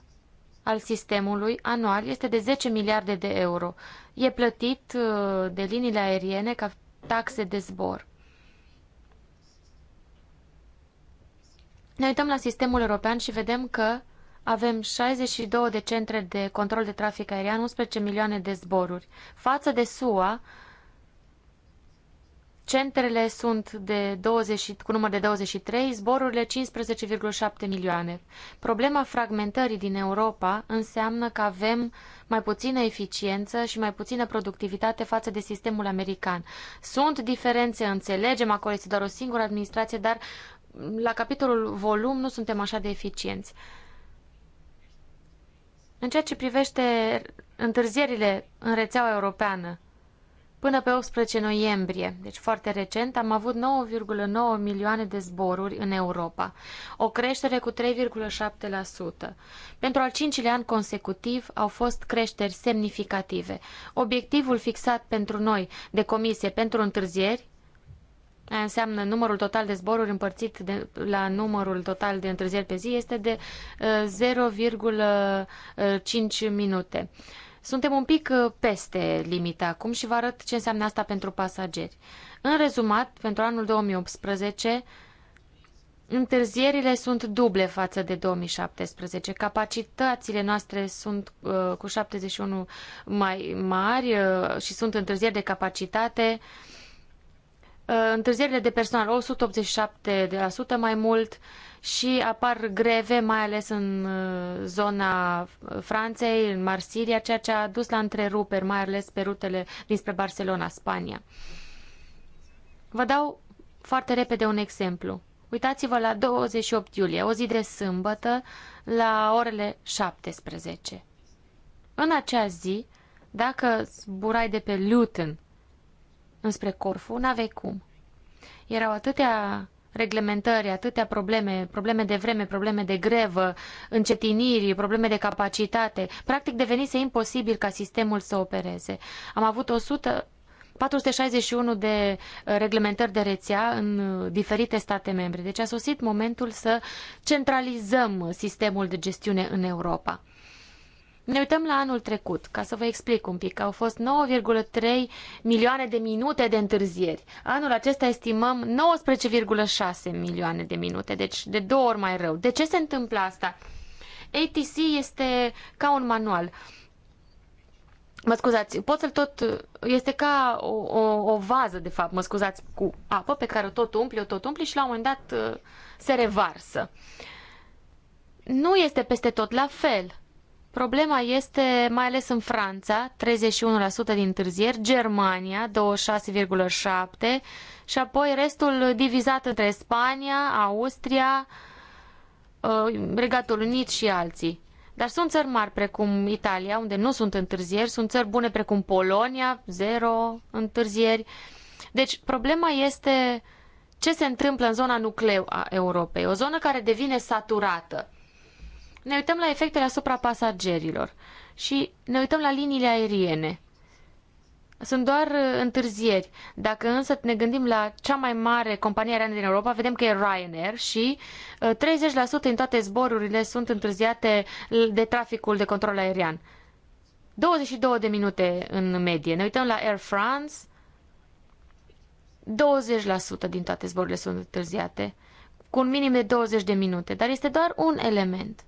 al sistemului anual este de 10 miliarde de euro. E plătit uh, de liniile aeriene ca taxe de zbor. Ne uităm la sistemul european și vedem că avem 62 de centre de control de trafic aerian, 11 milioane de zboruri. Față de SUA, centrele sunt de 20, cu număr de 23, zborurile 15,7 milioane. Problema fragmentării din Europa înseamnă că avem mai puțină eficiență și mai puțină productivitate față de sistemul american. Sunt diferențe, înțelegem, acolo este doar o singură administrație, dar la capitolul volum nu suntem așa de eficienți. În ceea ce privește întârzierile în rețeaua europeană, până pe 18 noiembrie, deci foarte recent, am avut 9,9 milioane de zboruri în Europa, o creștere cu 3,7%. Pentru al cincilea an consecutiv au fost creșteri semnificative. Obiectivul fixat pentru noi de comisie pentru întârzieri aia înseamnă numărul total de zboruri împărțit de, la numărul total de întârzieri pe zi, este de 0,5 uh, uh, minute. Suntem un pic uh, peste limita acum și vă arăt ce înseamnă asta pentru pasageri. În rezumat, pentru anul 2018, întârzierile sunt duble față de 2017. Capacitățile noastre sunt uh, cu 71 mai mari uh, și sunt întârzieri de capacitate uh, Uh, întârzierile de personal, 187% mai mult și apar greve, mai ales în uh, zona uh, Franței, în Marsilia, ceea ce a dus la întreruperi, mai ales pe rutele dinspre Barcelona, Spania. Vă dau foarte repede un exemplu. Uitați-vă la 28 iulie, o zi de sâmbătă, la orele 17. În acea zi, dacă zburai de pe Luton înspre Corfu, n-aveai cum. Erau atâtea reglementări, atâtea probleme, probleme de vreme, probleme de grevă, încetiniri, probleme de capacitate. Practic devenise imposibil ca sistemul să opereze. Am avut 100, 461 de uh, reglementări de rețea în uh, diferite state membre. Deci a sosit momentul să centralizăm uh, sistemul de gestiune în Europa. Ne uităm la anul trecut, ca să vă explic un pic. Au fost 9,3 milioane de minute de întârzieri. Anul acesta estimăm 19,6 milioane de minute, deci de două ori mai rău. De ce se întâmplă asta? ATC este ca un manual. Mă scuzați, pot să-l tot... Este ca o, o, o vază, de fapt, mă scuzați, cu apă pe care o tot umpli, o tot umpli și la un moment dat uh, se revarsă. Nu este peste tot la fel. Problema este mai ales în Franța, 31% din întârzieri, Germania, 26,7% și apoi restul divizat între Spania, Austria, uh, Regatul Unit și alții. Dar sunt țări mari precum Italia, unde nu sunt întârzieri, sunt țări bune precum Polonia, zero întârzieri. Deci problema este ce se întâmplă în zona nucleu a Europei, o zonă care devine saturată ne uităm la efectele asupra pasagerilor și ne uităm la liniile aeriene. Sunt doar uh, întârzieri. Dacă însă ne gândim la cea mai mare companie aeriană din Europa, vedem că e Ryanair și 30% uh, din toate zborurile sunt întârziate de traficul de control aerian. 22 de minute în medie. Ne uităm la Air France, 20% din toate zborurile sunt întârziate, cu un minim de 20 de minute, dar este doar un element.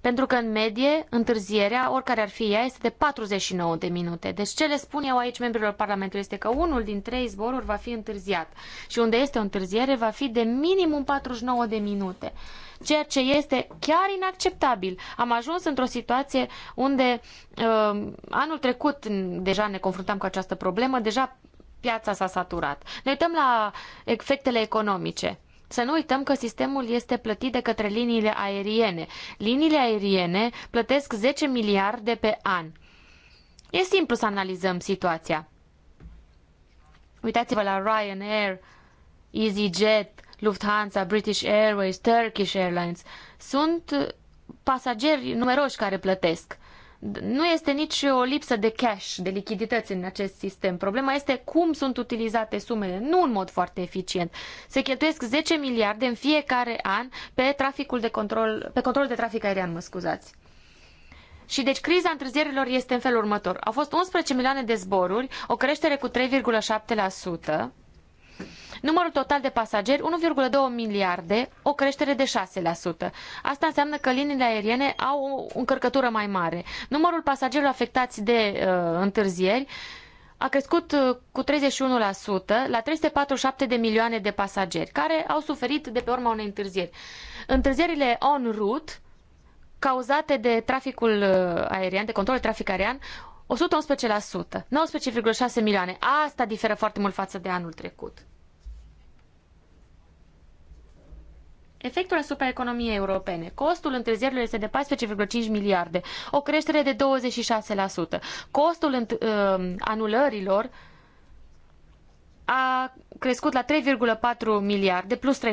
Pentru că, în medie, întârzierea, oricare ar fi ea, este de 49 de minute. Deci ce le spun eu aici membrilor Parlamentului este că unul din trei zboruri va fi întârziat. Și unde este o întârziere, va fi de minimum 49 de minute. Ceea ce este chiar inacceptabil. Am ajuns într-o situație unde uh, anul trecut deja ne confruntam cu această problemă, deja piața s-a saturat. Ne uităm la efectele economice. Să nu uităm că sistemul este plătit de către liniile aeriene. Liniile aeriene plătesc 10 miliarde pe an. E simplu să analizăm situația. Uitați-vă la Ryanair, EasyJet, Lufthansa, British Airways, Turkish Airlines. Sunt pasageri numeroși care plătesc. Nu este nici o lipsă de cash, de lichidități în acest sistem. Problema este cum sunt utilizate sumele, nu în mod foarte eficient. Se cheltuiesc 10 miliarde în fiecare an pe traficul de control, pe controlul de trafic aerian, mă scuzați. Și deci criza întârzierilor este în felul următor. Au fost 11 milioane de zboruri, o creștere cu 3,7%. Numărul total de pasageri, 1,2 miliarde, o creștere de 6%. Asta înseamnă că liniile aeriene au o încărcătură mai mare. Numărul pasagerilor afectați de uh, întârzieri a crescut uh, cu 31% la 347 de milioane de pasageri care au suferit de pe urma unei întârzieri. Întârzierile on route cauzate de traficul uh, aerian, de controlul trafic aerian, 111%, 19,6 milioane. Asta diferă foarte mult față de anul trecut. Efectul asupra economiei europene. Costul întârzierilor este de 14,5 miliarde, o creștere de 26%. Costul uh, anulărilor a crescut la 3,4 miliarde, plus 38%,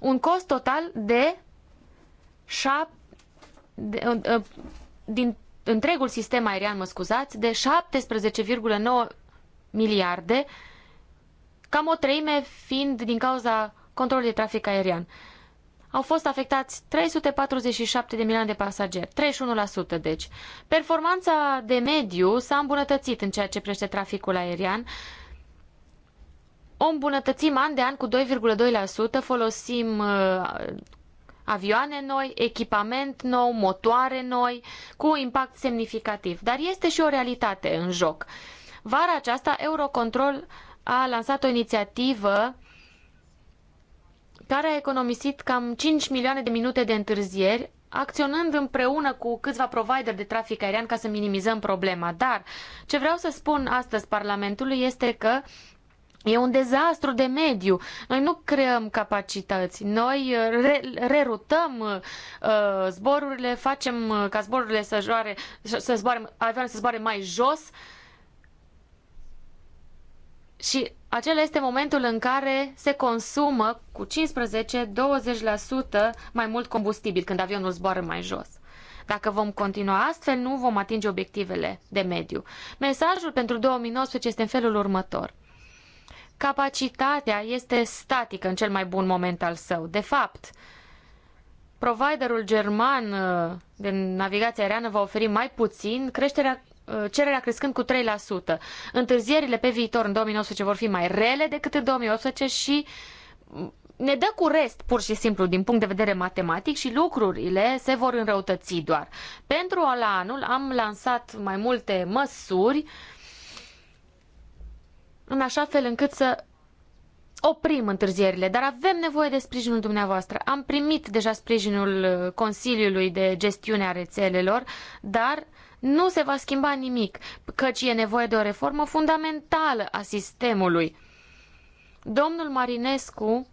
un cost total de 7 de, uh, din întregul sistem aerian, mă scuzați, de 17,9 miliarde, cam o treime fiind din cauza Control de trafic aerian. Au fost afectați 347 de milioane de pasageri, 31% deci. Performanța de mediu s-a îmbunătățit în ceea ce privește traficul aerian. O îmbunătățim an de an cu 2,2%, folosim uh, avioane noi, echipament nou, motoare noi, cu impact semnificativ. Dar este și o realitate în joc. Vara aceasta, Eurocontrol a lansat o inițiativă uh, care a economisit cam 5 milioane de minute de întârzieri, acționând împreună cu câțiva provider de trafic aerian ca să minimizăm problema. Dar ce vreau să spun astăzi Parlamentului este că E un dezastru de mediu. Noi nu creăm capacități. Noi uh, re rerutăm uh, zborurile, facem uh, ca zborurile să, joare, să zboare, avioane să zboare mai jos uh, și acela este momentul în care se consumă cu 15-20% mai mult combustibil când avionul zboară mai jos. Dacă vom continua astfel, nu vom atinge obiectivele de mediu. Mesajul pentru 2019 este în felul următor. Capacitatea este statică în cel mai bun moment al său. De fapt, providerul german uh, de navigație aeriană va oferi mai puțin, creșterea Uh, cererea crescând cu 3%. Întârzierile pe viitor în 2019 vor fi mai rele decât în 2018 și ne dă cu rest, pur și simplu, din punct de vedere matematic și lucrurile se vor înrăutăți doar. Pentru la anul am lansat mai multe măsuri în așa fel încât să oprim întârzierile, dar avem nevoie de sprijinul dumneavoastră. Am primit deja sprijinul uh, Consiliului de Gestiune a Rețelelor, dar nu se va schimba nimic, căci e nevoie de o reformă fundamentală a sistemului. Domnul Marinescu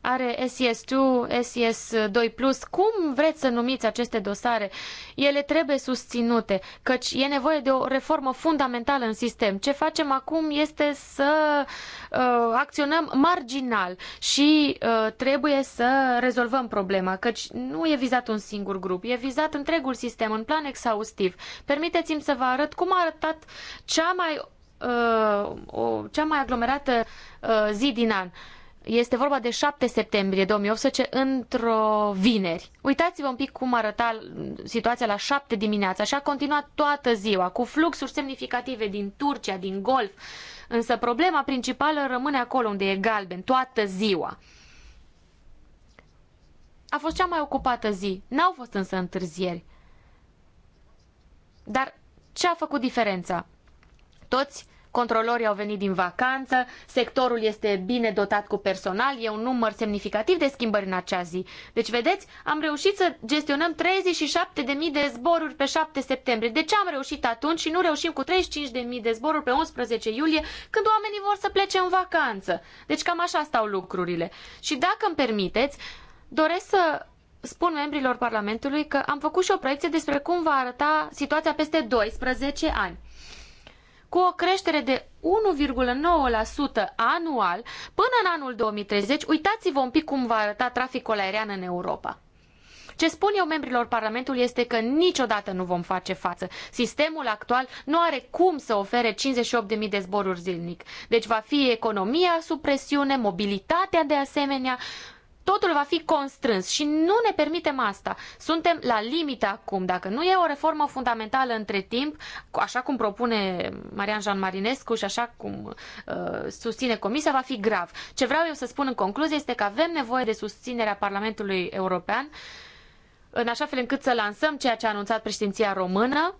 are SES2, SES2+, cum vreți să numiți aceste dosare, ele trebuie susținute, căci e nevoie de o reformă fundamentală în sistem. Ce facem acum este să uh, acționăm marginal și uh, trebuie să rezolvăm problema, căci nu e vizat un singur grup, e vizat întregul sistem în plan exhaustiv. Permiteți-mi să vă arăt cum a arătat cea mai, uh, o, cea mai aglomerată uh, zi din an. Este vorba de 7 septembrie 2018, într-o vineri. Uitați-vă un pic cum arăta situația la 7 dimineața. și a continuat toată ziua, cu fluxuri semnificative din Turcia, din Golf. Însă problema principală rămâne acolo unde e galben, toată ziua. A fost cea mai ocupată zi. N-au fost însă întârzieri. Dar ce a făcut diferența? Toți controlorii au venit din vacanță, sectorul este bine dotat cu personal, e un număr semnificativ de schimbări în acea zi. Deci, vedeți, am reușit să gestionăm 37.000 de zboruri pe 7 septembrie. De ce am reușit atunci și nu reușim cu 35.000 de zboruri pe 11 iulie, când oamenii vor să plece în vacanță? Deci cam așa stau lucrurile. Și dacă îmi permiteți, doresc să spun membrilor Parlamentului că am făcut și o proiecție despre cum va arăta situația peste 12 ani cu o creștere de 1,9% anual până în anul 2030. Uitați-vă un pic cum va arăta traficul aerian în Europa. Ce spun eu membrilor Parlamentului este că niciodată nu vom face față. Sistemul actual nu are cum să ofere 58.000 de zboruri zilnic. Deci va fi economia sub presiune, mobilitatea de asemenea, totul va fi constrâns și nu ne permitem asta. Suntem la limită acum. Dacă nu e o reformă fundamentală între timp, așa cum propune Marian Jean Marinescu și așa cum uh, susține Comisia, va fi grav. Ce vreau eu să spun în concluzie este că avem nevoie de susținerea Parlamentului European în așa fel încât să lansăm ceea ce a anunțat președinția română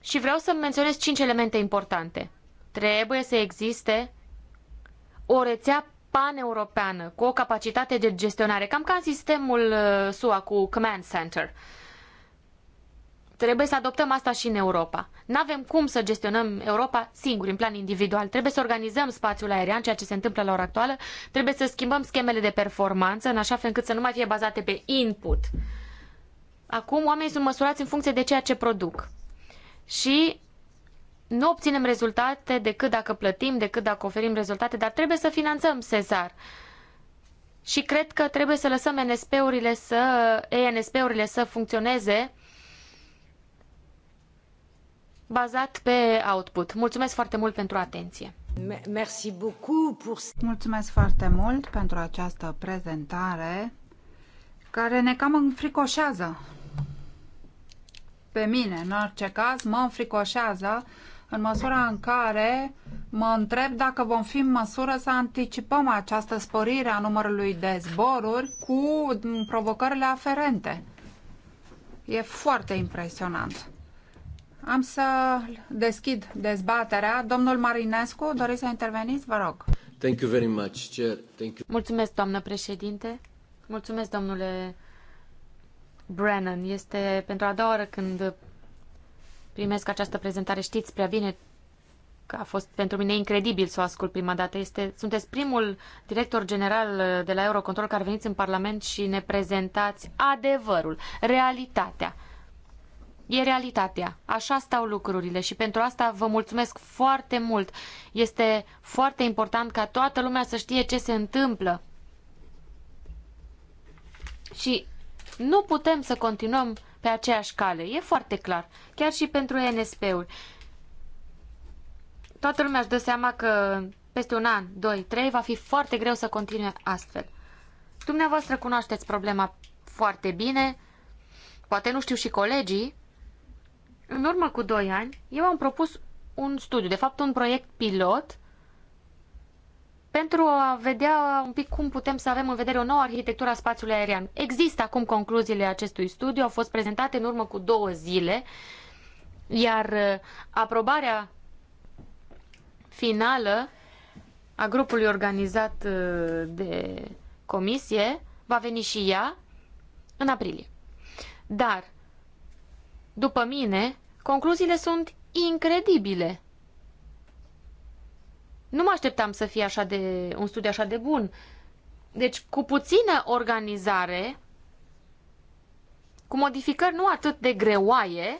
și vreau să menționez cinci elemente importante. Trebuie să existe o rețea paneuropeană, cu o capacitate de gestionare, cam ca în sistemul uh, SUA cu Command Center. Trebuie să adoptăm asta și în Europa. Nu avem cum să gestionăm Europa singuri, în plan individual. Trebuie să organizăm spațiul aerian, ceea ce se întâmplă la ora actuală. Trebuie să schimbăm schemele de performanță, în așa fel încât să nu mai fie bazate pe input. Acum oamenii sunt măsurați în funcție de ceea ce produc. Și nu obținem rezultate decât dacă plătim, decât dacă oferim rezultate, dar trebuie să finanțăm Sesar. Și cred că trebuie să lăsăm NSP-urile să, ENSP-urile să funcționeze bazat pe output. Mulțumesc foarte mult pentru atenție. Mulțumesc foarte mult pentru această prezentare care ne cam înfricoșează. Pe mine, în orice caz, mă înfricoșează în măsura în care mă întreb dacă vom fi în măsură să anticipăm această sporire a numărului de zboruri cu provocările aferente. E foarte impresionant. Am să deschid dezbaterea. Domnul Marinescu, doriți să interveniți? Vă rog. Thank you very much, Chair. Thank you. Mulțumesc, doamnă președinte. Mulțumesc, domnule Brennan. Este pentru a doua oară când primesc această prezentare. Știți prea bine că a fost pentru mine incredibil să o ascult prima dată. Este, sunteți primul director general uh, de la Eurocontrol care veniți în Parlament și ne prezentați adevărul, realitatea. E realitatea. Așa stau lucrurile și pentru asta vă mulțumesc foarte mult. Este foarte important ca toată lumea să știe ce se întâmplă. Și nu putem să continuăm pe aceeași cale. E foarte clar, chiar și pentru NSP-uri. Toată lumea își dă seama că peste un an, doi, trei, va fi foarte greu să continue astfel. Dumneavoastră cunoașteți problema foarte bine, poate nu știu și colegii. În urmă cu doi ani, eu am propus un studiu, de fapt un proiect pilot pentru a vedea un pic cum putem să avem în vedere o nouă arhitectură a spațiului aerian. Există acum concluziile acestui studiu, au fost prezentate în urmă cu două zile, iar uh, aprobarea finală a grupului organizat uh, de comisie va veni și ea în aprilie. Dar, după mine, concluziile sunt incredibile. Nu mă așteptam să fie așa de, un studiu așa de bun. Deci, cu puțină organizare, cu modificări nu atât de greoaie,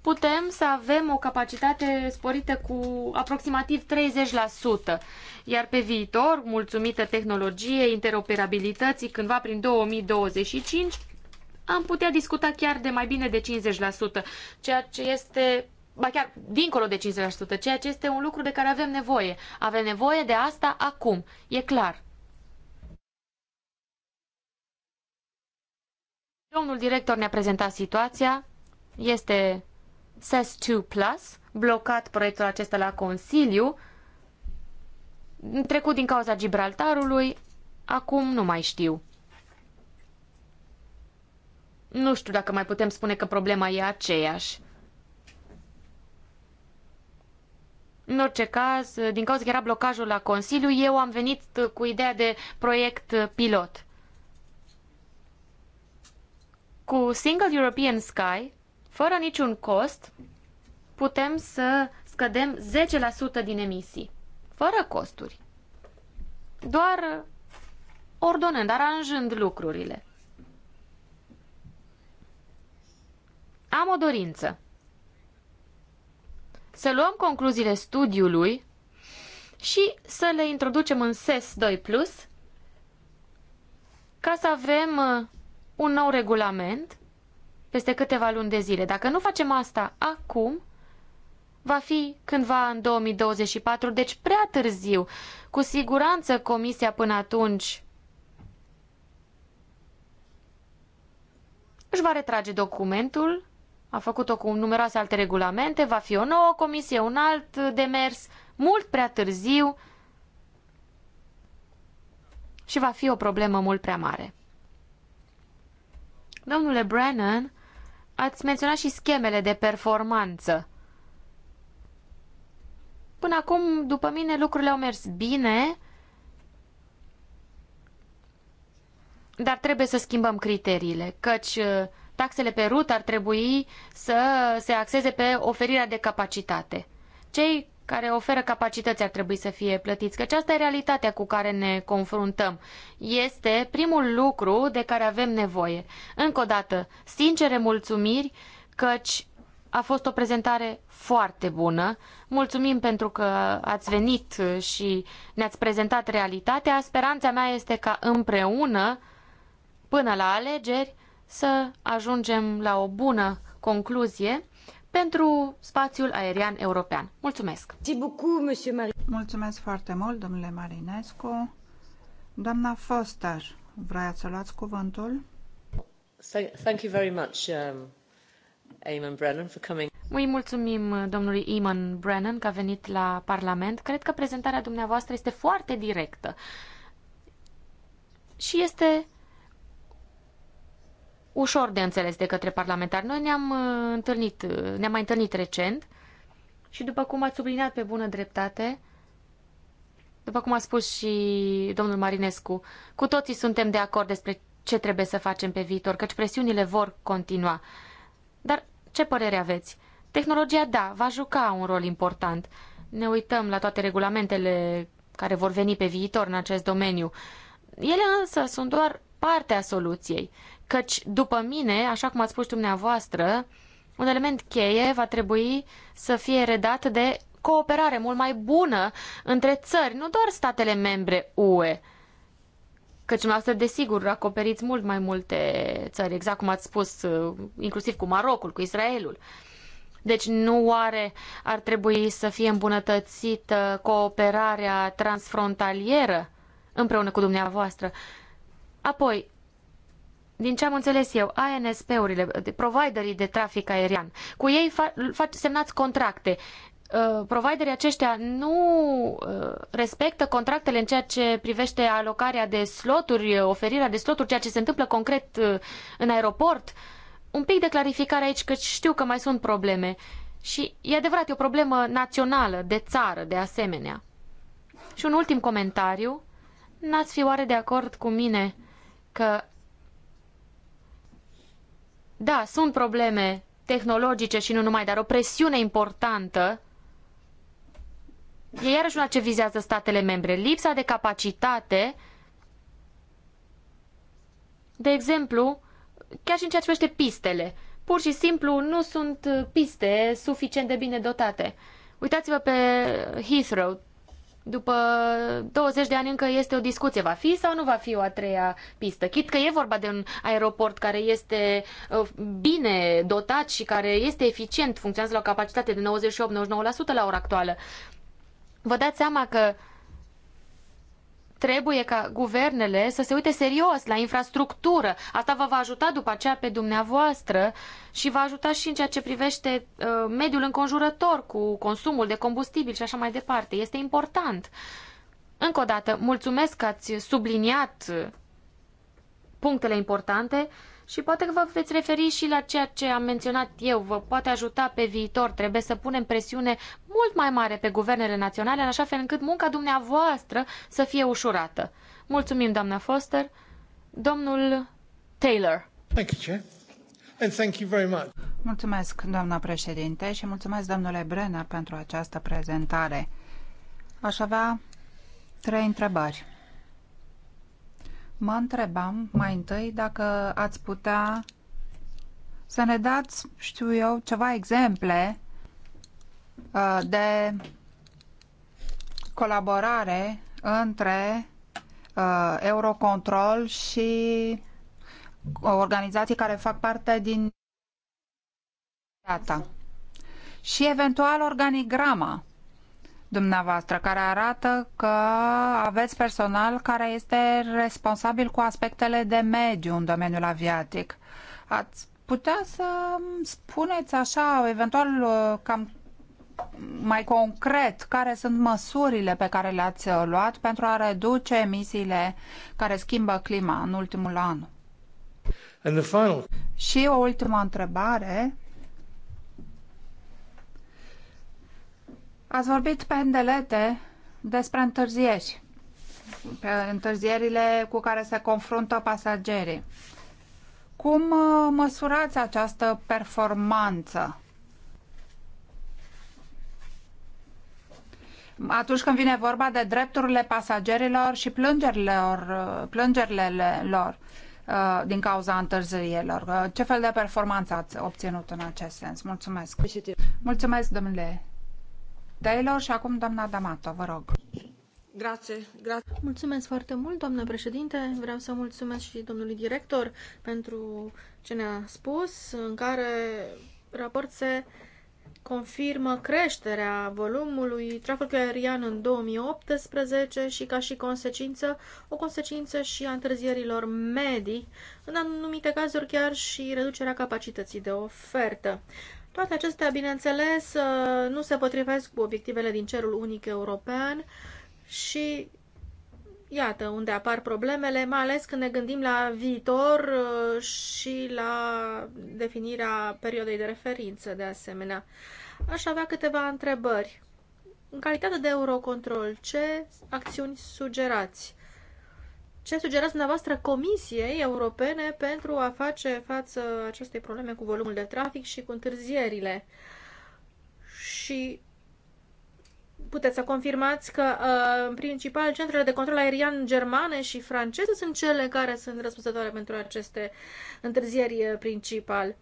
putem să avem o capacitate sporită cu aproximativ 30%. Iar pe viitor, mulțumită tehnologiei, interoperabilității, cândva prin 2025, am putea discuta chiar de mai bine de 50%, ceea ce este ba chiar dincolo de 50%, ceea ce este un lucru de care avem nevoie. Avem nevoie de asta acum, e clar. Domnul director ne-a prezentat situația, este SES2+, Plus, blocat proiectul acesta la Consiliu, trecut din cauza Gibraltarului, acum nu mai știu. Nu știu dacă mai putem spune că problema e aceeași. În orice caz, din cauza că era blocajul la Consiliu, eu am venit cu ideea de proiect pilot. Cu Single European Sky, fără niciun cost, putem să scădem 10% din emisii, fără costuri. Doar ordonând, aranjând lucrurile. Am o dorință să luăm concluziile studiului și să le introducem în SES 2 Plus ca să avem uh, un nou regulament peste câteva luni de zile. Dacă nu facem asta acum, va fi cândva în 2024, deci prea târziu. Cu siguranță comisia până atunci își va retrage documentul a făcut-o cu numeroase alte regulamente, va fi o nouă comisie, un alt demers, mult prea târziu și va fi o problemă mult prea mare. Domnule Brennan, ați menționat și schemele de performanță. Până acum, după mine, lucrurile au mers bine, dar trebuie să schimbăm criteriile, căci taxele pe rut ar trebui să se axeze pe oferirea de capacitate. Cei care oferă capacități ar trebui să fie plătiți, căci asta e realitatea cu care ne confruntăm. Este primul lucru de care avem nevoie. Încă o dată, sincere mulțumiri, căci a fost o prezentare foarte bună. Mulțumim pentru că ați venit și ne-ați prezentat realitatea. Speranța mea este ca împreună, până la alegeri, să ajungem la o bună concluzie pentru spațiul aerian european. Mulțumesc! Mulțumesc foarte mult, domnule Marinescu. Doamna Foster, vreau să luați cuvântul? Thank you very much, um, Eamon Brennan, for coming. Îi mulțumim domnului Eamon Brennan că a venit la Parlament. Cred că prezentarea dumneavoastră este foarte directă și este ușor de înțeles de către parlamentari. Noi ne-am uh, întâlnit, uh, ne-am mai întâlnit recent și după cum ați subliniat pe bună dreptate, după cum a spus și domnul Marinescu, cu toții suntem de acord despre ce trebuie să facem pe viitor, căci presiunile vor continua. Dar ce părere aveți? Tehnologia, da, va juca un rol important. Ne uităm la toate regulamentele care vor veni pe viitor în acest domeniu. Ele însă sunt doar parte a soluției Căci, după mine, așa cum ați spus dumneavoastră, un element cheie va trebui să fie redat de cooperare mult mai bună între țări, nu doar statele membre UE. Căci dumneavoastră, desigur, acoperiți mult mai multe țări, exact cum ați spus, uh, inclusiv cu Marocul, cu Israelul. Deci nu oare ar trebui să fie îmbunătățită cooperarea transfrontalieră împreună cu dumneavoastră? Apoi, din ce am înțeles eu, ANSP-urile, providerii de trafic aerian, cu ei fa- semnați contracte. Uh, providerii aceștia nu uh, respectă contractele în ceea ce privește alocarea de sloturi, uh, oferirea de sloturi, ceea ce se întâmplă concret în aeroport. Un pic de clarificare aici, că știu că mai sunt probleme. Și e adevărat, e o problemă națională, de țară, de asemenea. Și un ultim comentariu. N-ați fi oare de acord cu mine că da, sunt probleme tehnologice și nu numai, dar o presiune importantă e iarăși una ce vizează statele membre. Lipsa de capacitate, de exemplu, chiar și în ceea ce privește pistele. Pur și simplu nu sunt piste suficient de bine dotate. Uitați-vă pe Heathrow, după 20 de ani încă este o discuție. Va fi sau nu va fi o a treia pistă? Chit că e vorba de un aeroport care este uh, bine dotat și care este eficient, funcționează la o capacitate de 98-99% la ora actuală. Vă dați seama că trebuie ca guvernele să se uite serios la infrastructură. Asta vă va ajuta după aceea pe dumneavoastră și va ajuta și în ceea ce privește uh, mediul înconjurător cu consumul de combustibil și așa mai departe. Este important. Încă o dată, mulțumesc că ați subliniat uh, punctele importante și poate că vă veți referi și la ceea ce am menționat eu. Vă poate ajuta pe viitor. Trebuie să punem presiune mult mai mare pe guvernele naționale, în așa fel încât munca dumneavoastră să fie ușurată. Mulțumim, doamna Foster. Domnul Taylor. Thank you, Chair. And thank you very much. Mulțumesc, doamna președinte, și mulțumesc, domnule Brenner, pentru această prezentare. Aș avea trei întrebări. Mă întrebam mai întâi dacă ați putea să ne dați, știu eu, ceva exemple uh, de colaborare între uh, Eurocontrol și organizații care fac parte din data și eventual organigrama dumneavoastră, care arată că aveți personal care este responsabil cu aspectele de mediu în domeniul aviatic. Ați putea să spuneți așa, eventual uh, cam mai concret, care sunt măsurile pe care le-ați uh, luat pentru a reduce emisiile care schimbă clima în ultimul an? And the final... Și o ultimă întrebare Ați vorbit pe îndelete despre întârzieri, pe întârzierile cu care se confruntă pasagerii. Cum uh, măsurați această performanță? Atunci când vine vorba de drepturile pasagerilor și plângerile lor, uh, plângerile lor uh, din cauza întârzierilor. Ce fel de performanță ați obținut în acest sens? Mulțumesc! Mulțumesc, domnule Taylor și acum doamna D'Amato, vă rog. Grazie, grazie. Mulțumesc foarte mult, doamnă președinte. Vreau să mulțumesc și domnului director pentru ce ne-a spus, în care raport se confirmă creșterea volumului traficului aerian în 2018 și ca și consecință, o consecință și a întârzierilor medii, în anumite cazuri chiar și reducerea capacității de ofertă. Toate acestea, bineînțeles, uh, nu se potrivesc cu obiectivele din cerul unic european și iată unde apar problemele, mai ales când ne gândim la viitor uh, și la definirea perioadei de referință, de asemenea. Aș avea câteva întrebări. În calitate de Eurocontrol, ce acțiuni sugerați? ce sugerați dumneavoastră Comisiei Europene pentru a face față acestei probleme cu volumul de trafic și cu întârzierile? Și puteți să confirmați că, uh, în principal, centrele de control aerian germane și franceze sunt cele care sunt răspunzătoare pentru aceste întârzieri uh, principal.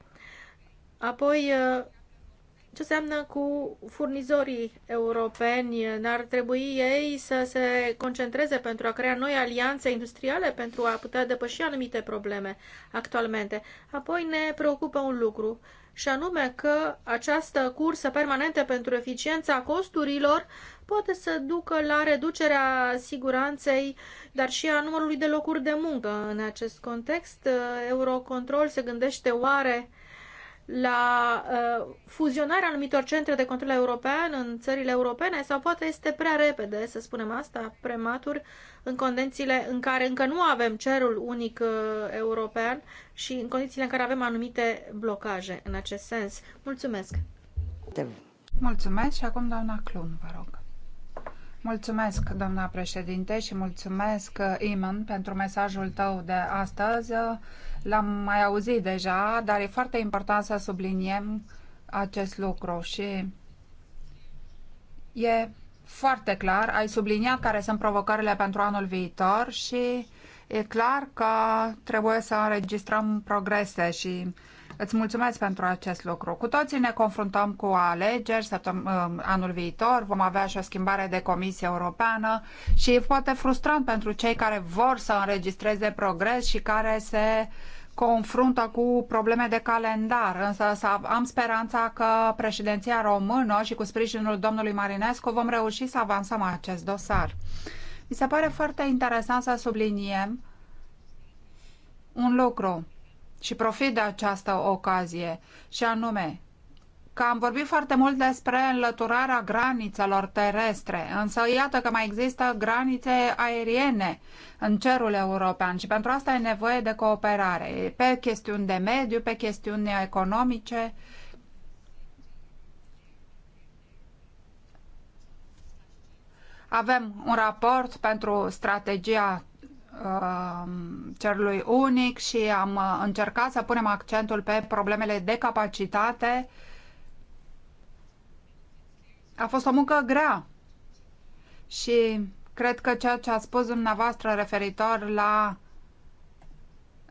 Apoi, uh, ce înseamnă cu furnizorii europeni? N-ar trebui ei să se concentreze pentru a crea noi alianțe industriale pentru a putea depăși anumite probleme actualmente. Apoi ne preocupă un lucru și anume că această cursă permanentă pentru eficiența costurilor poate să ducă la reducerea siguranței, dar și a numărului de locuri de muncă. În acest context, Eurocontrol se gândește oare uh, la uh, fuzionarea anumitor centre de control european în țările europene sau poate este prea repede, să spunem asta, prematur, în condițiile în care încă nu avem cerul unic uh, european și în condițiile în care avem anumite blocaje în acest sens. Mulțumesc! Mulțumesc și acum doamna Clun, vă rog. Mulțumesc, doamna președinte, și mulțumesc, uh, Iman, pentru mesajul tău de astăzi. Uh, l-am mai auzit deja, dar e foarte important să subliniem acest lucru și e foarte clar. Ai subliniat care sunt provocările pentru anul viitor și e clar că trebuie să înregistrăm progrese și uh, Îți mulțumesc pentru acest lucru. Cu toții ne confruntăm cu alegeri uh, anul viitor, vom avea și o schimbare de Comisie Europeană și e foarte frustrant pentru cei care vor să înregistreze progres și care se confruntă cu probleme de calendar, însă am speranța că președinția română și cu sprijinul domnului Marinescu vom reuși să avansăm acest dosar. Mi se pare foarte interesant să subliniem un lucru și profit de această ocazie și anume că am vorbit foarte mult despre înlăturarea granițelor terestre, însă iată că mai există granițe aeriene în cerul european și pentru asta e nevoie de cooperare pe chestiuni de mediu, pe chestiuni economice. Avem un raport pentru strategia Um, cerului unic și am uh, încercat să punem accentul pe problemele de capacitate. A fost o muncă grea și cred că ceea ce a spus dumneavoastră referitor la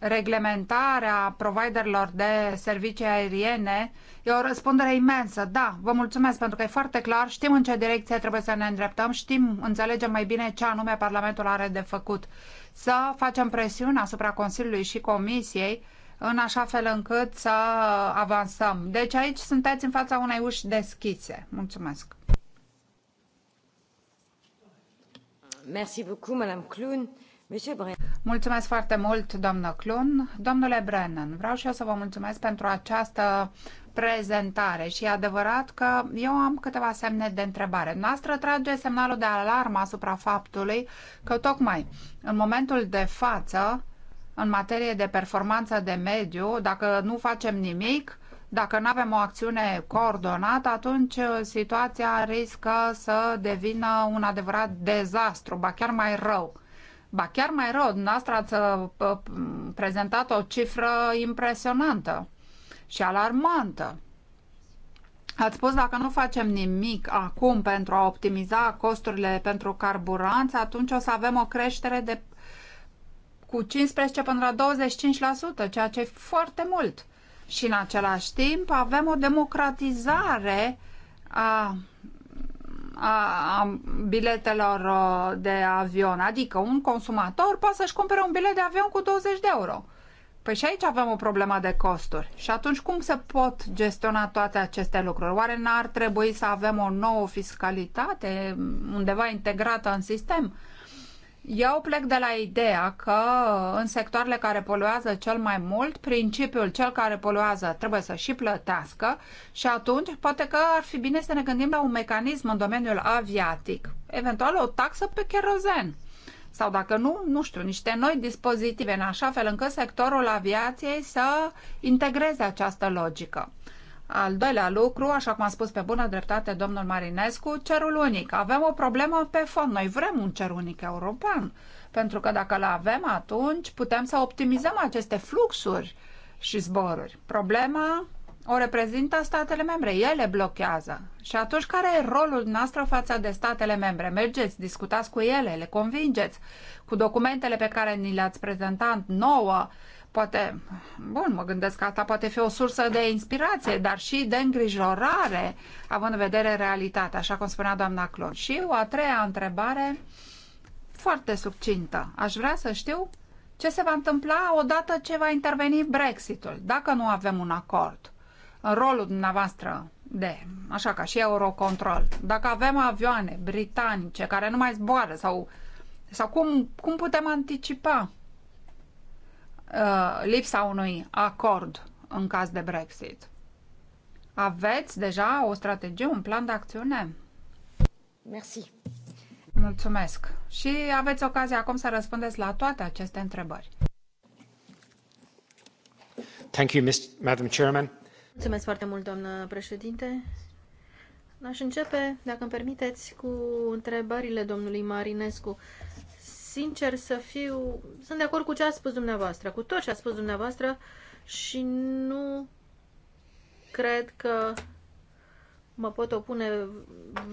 reglementarea providerilor de servicii aeriene e o răspundere imensă. Da, vă mulțumesc pentru că e foarte clar, știm în ce direcție trebuie să ne îndreptăm, știm, înțelegem mai bine ce anume Parlamentul are de făcut. Să facem presiune asupra Consiliului și Comisiei în așa fel încât să avansăm. Deci aici sunteți în fața unei uși deschise. Mulțumesc. Mulțumesc. beaucoup, Clun! Mulțumesc foarte mult, doamnă Clun. Domnule Brennan, vreau și eu să vă mulțumesc pentru această prezentare și e adevărat că eu am câteva semne de întrebare. Noastră trage semnalul de alarmă asupra faptului că tocmai în momentul de față, în materie de performanță de mediu, dacă nu facem nimic, dacă nu avem o acțiune coordonată, atunci uh, situația riscă să devină un adevărat dezastru, ba chiar mai rău. Ba chiar mai rău, dumneavoastră ați uh, uh, prezentat o cifră impresionantă și alarmantă. Ați spus dacă nu facem nimic acum pentru a optimiza costurile pentru carburanți, atunci o să avem o creștere de cu 15 până la 25%, ceea ce e foarte mult. Și în același timp avem o democratizare a a biletelor uh, de avion. Adică un consumator poate să-și cumpere un bilet de avion cu 20 de euro. Păi și aici avem o problemă de costuri. Și atunci cum se pot gestiona toate aceste lucruri? Oare n-ar trebui să avem o nouă fiscalitate undeva integrată în sistem? Eu plec de la ideea că în sectoarele care poluează cel mai mult, principiul cel care poluează trebuie să și plătească și atunci poate că ar fi bine să ne gândim la un mecanism în domeniul aviatic, eventual o taxă pe cherozen sau dacă nu, nu știu, niște noi dispozitive în așa fel încât sectorul aviației să integreze această logică. Al doilea lucru, așa cum a spus pe bună dreptate domnul Marinescu, cerul unic. Avem o problemă pe fond. Noi vrem un cer unic european, pentru că dacă îl avem, atunci putem să optimizăm aceste fluxuri și zboruri. Problema o reprezintă statele membre. Ele blochează. Și atunci care e rolul noastră față de statele membre? Mergeți, discutați cu ele, le convingeți cu documentele pe care ni le-ați prezentat nouă, Poate, bun, mă gândesc că asta poate fi o sursă de inspirație, dar și de îngrijorare, având în vedere realitatea, așa cum spunea doamna Clon. Și o a treia întrebare, foarte succintă. Aș vrea să știu ce se va întâmpla odată ce va interveni Brexitul, dacă nu avem un acord. În rolul dumneavoastră de, așa ca și Eurocontrol, dacă avem avioane britanice care nu mai zboară sau, sau cum, cum putem anticipa Uh, lipsa unui acord în caz de Brexit? Aveți deja o strategie, un plan de acțiune? Merci. Mulțumesc. Și aveți ocazia acum să răspundeți la toate aceste întrebări. Thank you, Madam Chairman. Mulțumesc foarte mult, doamnă președinte. Aș începe, dacă îmi permiteți, cu întrebările domnului Marinescu sincer să fiu, sunt de acord cu ce a spus dumneavoastră, cu tot ce a spus dumneavoastră și nu cred că mă pot opune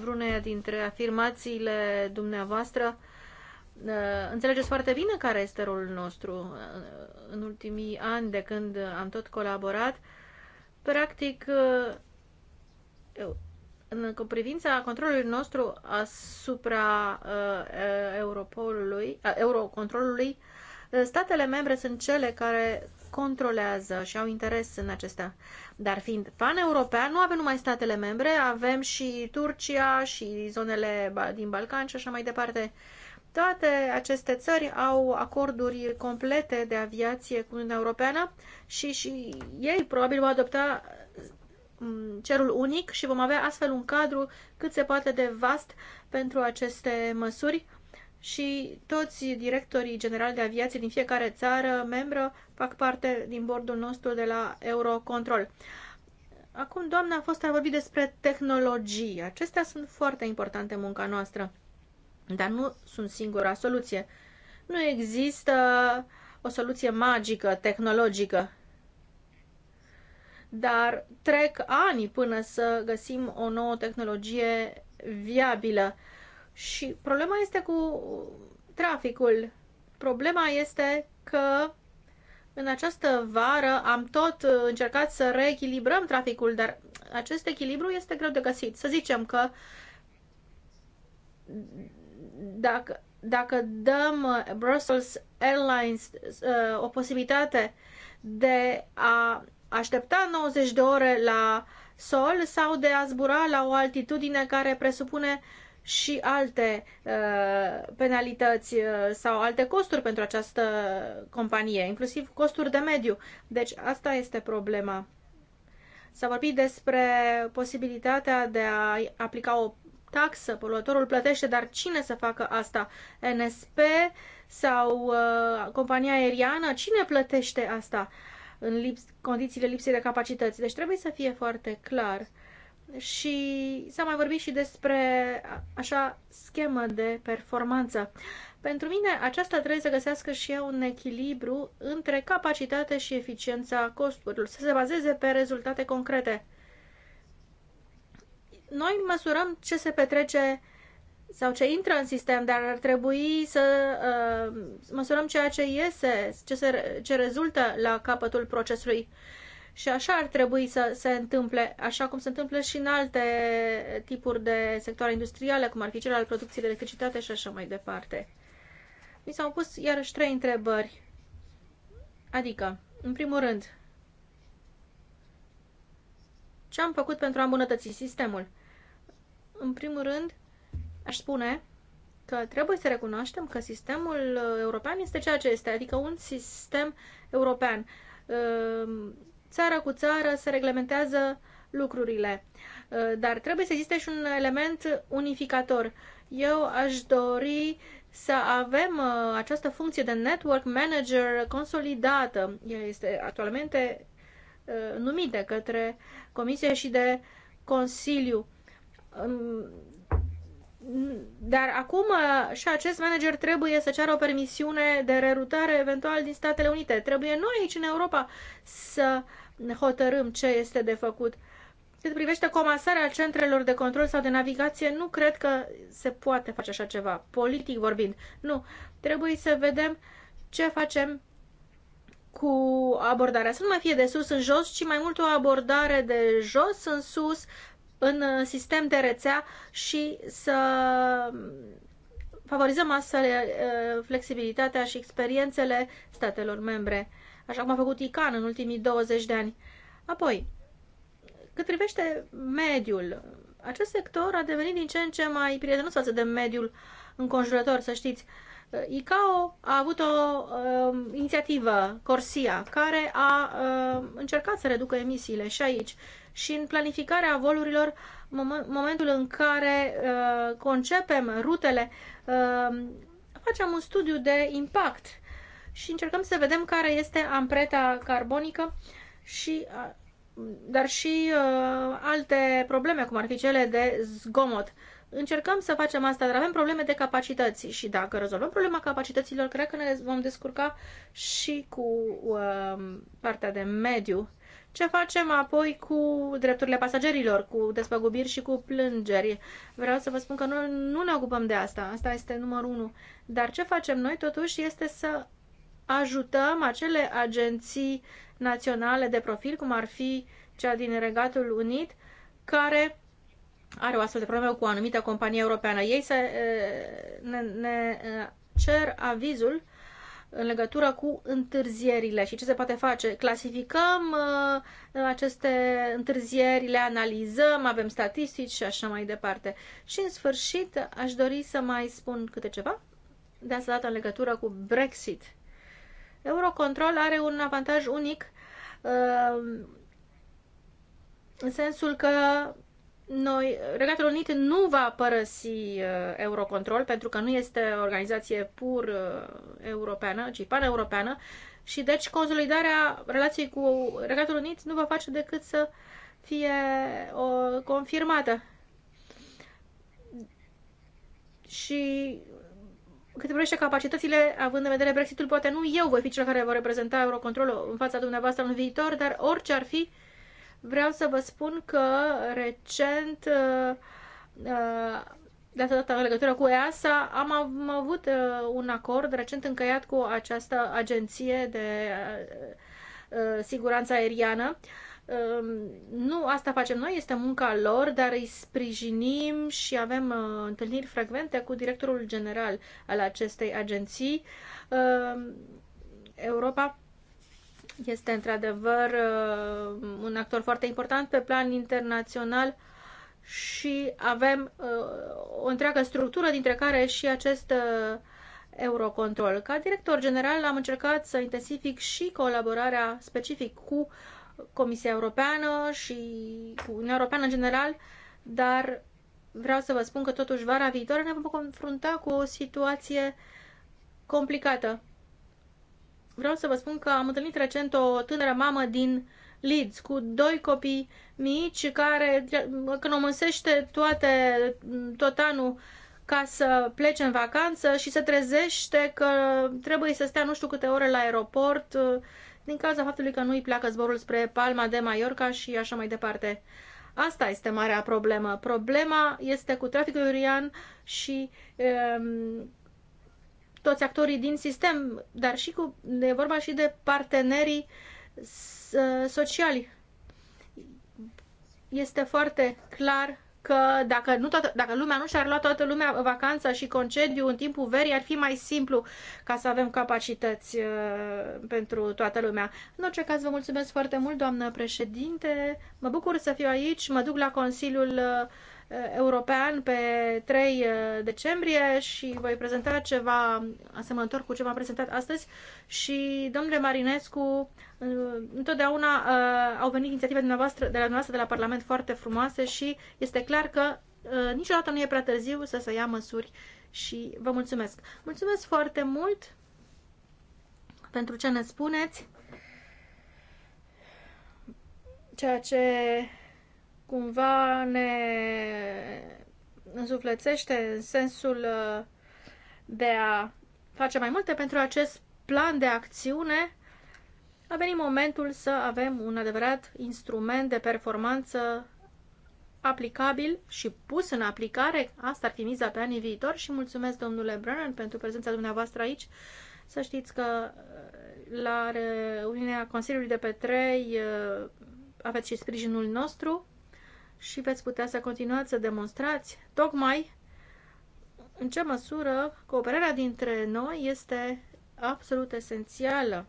vreuneia dintre afirmațiile dumneavoastră. Uh, înțelegeți foarte bine care este rolul nostru uh, în ultimii ani de când am tot colaborat. Practic, uh, în privința controlului nostru asupra uh, Europolului, uh, Eurocontrolului, statele membre sunt cele care controlează și au interes în acestea. Dar fiind pan-european, nu avem numai statele membre, avem și Turcia și zonele din Balcan și așa mai departe. Toate aceste țări au acorduri complete de aviație cu Uniunea Europeană și, și ei probabil vor adopta Mm, cerul unic și vom avea astfel un cadru cât se poate de vast pentru aceste măsuri și toți directorii generali de aviație din fiecare țară membră fac parte din bordul nostru de la Eurocontrol. Acum, doamna a fost a vorbit despre tehnologii. Acestea sunt foarte importante în munca noastră, dar nu sunt singura soluție. Nu există o soluție magică, tehnologică dar trec ani până să găsim o nouă tehnologie viabilă. Și problema este cu traficul. Problema este că în această vară am tot încercat să reechilibrăm traficul, dar acest echilibru este greu de găsit. Să zicem că dacă, dacă dăm Brussels Airlines uh, o posibilitate de a aștepta 90 de ore la sol sau de a zbura la o altitudine care presupune și alte uh, penalități uh, sau alte costuri pentru această companie, inclusiv costuri de mediu. Deci asta este problema. S-a vorbit despre posibilitatea de a aplica o taxă, poluatorul plătește, dar cine să facă asta? NSP sau uh, compania aeriană? Cine plătește asta? Uh, în lips, condițiile lipsei de capacități. Deci trebuie să fie foarte clar. Și s-a mai vorbit și despre așa schemă de performanță. Pentru mine aceasta trebuie să găsească și ea un echilibru între capacitate și eficiența costurilor, să se bazeze pe rezultate concrete. Noi măsurăm ce se petrece sau ce intră în sistem, dar ar trebui să uh, măsurăm ceea ce iese, ce, se, ce rezultă la capătul procesului. Și așa ar trebui să se întâmple, așa cum se întâmplă și în alte tipuri de sectoare industriale, cum ar fi cel al producției de electricitate și așa mai departe. Mi s-au pus iarăși trei întrebări. Adică, în primul rând, ce am făcut pentru a îmbunătăți sistemul? În primul rând, Aș spune că trebuie să recunoaștem că sistemul uh, european este ceea ce este, adică un sistem european. Uh, țară cu țară se reglementează lucrurile, uh, dar trebuie să existe și un element unificator. Eu aș dori să avem această funcție de network manager consolidată. Este actualmente numit de către Comisie și de Consiliu um, dar acum uh, și acest manager trebuie să ceară o permisiune de rerutare eventual din Statele Unite. Trebuie noi aici în Europa să hotărâm ce este de făcut. Cât privește comasarea centrelor de control sau de navigație, nu cred că se poate face așa ceva, politic vorbind. Nu. Trebuie să vedem ce facem cu abordarea. Să nu mai fie de sus în jos, ci mai mult o abordare de jos în sus în uh, sistem de rețea și să favorizăm astfel uh, flexibilitatea și experiențele statelor membre, așa cum a făcut ICAN în ultimii 20 de ani. Apoi, cât privește mediul, acest sector a devenit din ce în ce mai prietenos față de mediul înconjurător, să știți. Uh, ICAO a avut o uh, inițiativă, Corsia, care a uh, încercat să reducă emisiile și aici și în planificarea volurilor, momentul în care uh, concepem rutele, uh, facem un studiu de impact și încercăm să vedem care este ampreta carbonică și uh, dar și uh, alte probleme, cum ar fi cele de zgomot. Încercăm să facem asta, dar avem probleme de capacități și dacă rezolvăm problema capacităților, cred că ne vom descurca și cu uh, partea de mediu. Uh, ce facem apoi cu drepturile pasagerilor, cu despăgubiri și cu plângeri? Vreau să vă spun că noi nu ne ocupăm de asta, asta este numărul unu. Dar ce facem noi totuși este să ajutăm acele agenții naționale de profil, cum ar fi cea din Regatul Unit, care are o astfel de problemă cu o anumită companie europeană. Ei se, eh, ne, ne eh, cer avizul în legătură cu întârzierile și ce se poate face. Clasificăm uh, aceste întârzieri, le analizăm, avem statistici și așa mai departe. Și în sfârșit aș dori să mai spun câte ceva de asta dată în legătură cu Brexit. Eurocontrol are un avantaj unic uh, în sensul că noi, Regatul Unit nu va părăsi uh, Eurocontrol pentru că nu este o organizație pur uh, europeană, ci pan-europeană și deci consolidarea relației cu Regatul Unit nu va face decât să fie o, confirmată. Și cât privește capacitățile, având în vedere Brexitul, poate nu eu voi fi cel care va reprezenta Eurocontrolul în fața dumneavoastră în viitor, dar orice ar fi, uh, Vreau să vă spun că recent, uh, uh, dată în legătură cu EASA, am, am avut uh, un acord recent încăiat cu această agenție de siguranță aeriană. Um, nu asta facem noi, este munca lor, dar îi sprijinim și avem întâlniri frecvente cu directorul general al acestei agenții. Um, Europa este într-adevăr uh, un actor foarte important pe plan internațional și avem uh, o întreagă structură dintre care și acest uh, Eurocontrol. Ca director general am încercat să intensific și colaborarea specific cu Comisia Europeană și cu Uniunea Europeană în general, dar vreau să vă spun că totuși vara viitoare ne vom confrunta cu o situație complicată vreau să vă spun că am întâlnit recent o tânără mamă din Leeds cu doi copii mici care economisește toate, tot anul ca să plece în vacanță și se trezește că trebuie să stea nu știu câte ore la aeroport din cauza faptului că nu îi pleacă zborul spre Palma de Mallorca și așa mai departe. Asta este marea problemă. Problema este cu traficul urian și um, toți actorii din sistem, dar și cu, e vorba și de partenerii sociali. Este foarte clar că dacă, nu toată, dacă lumea nu și-ar lua toată lumea vacanța și concediu în timpul verii, ar fi mai simplu ca să avem capacități uh, pentru toată lumea. În orice caz, vă mulțumesc foarte mult, doamnă președinte. Mă bucur să fiu aici, mă duc la Consiliul uh, Eh, european pe 3 eh, decembrie și voi prezenta ceva asemănător cu ce v-am prezentat astăzi și domnule Marinescu eh, întotdeauna au venit inițiative de la dumneavoastră de la Parlament foarte frumoase și este clar că niciodată nu e prea târziu să se ia măsuri și vă mulțumesc. Mulțumesc foarte mult pentru ce ne spuneți ceea ce cumva ne însuflețește în sensul uh, de a face mai multe pentru acest plan de acțiune, a venit momentul să avem un adevărat instrument de performanță aplicabil și pus în aplicare. Asta ar fi miza pe anii viitor și mulțumesc domnule Brennan pentru prezența dumneavoastră aici. Să știți că uh, la reuniunea Consiliului de pe 3 uh, aveți și sprijinul nostru și veți putea să continuați să demonstrați tocmai în ce măsură cooperarea dintre noi este absolut esențială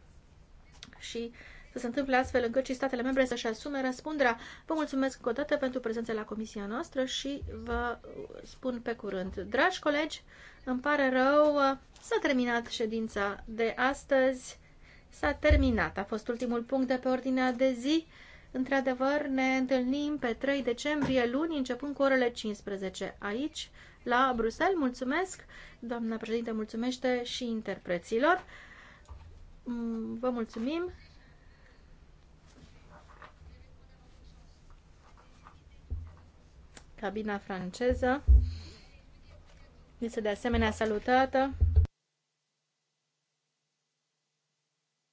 și să se întâmple astfel încât și statele membre să-și asume răspunderea. Vă mulțumesc încă o dată pentru prezența la comisia noastră și vă spun pe curând. Dragi colegi, îmi pare rău, s-a terminat ședința de astăzi. S-a terminat, a fost ultimul punct de pe ordinea de zi. Într-adevăr, ne întâlnim pe 3 decembrie, luni, începând cu orele 15, aici, la Bruxelles. Mulțumesc, doamna președinte, mulțumește și interpreților. Mm, vă mulțumim. Cabina franceză este de asemenea salutată.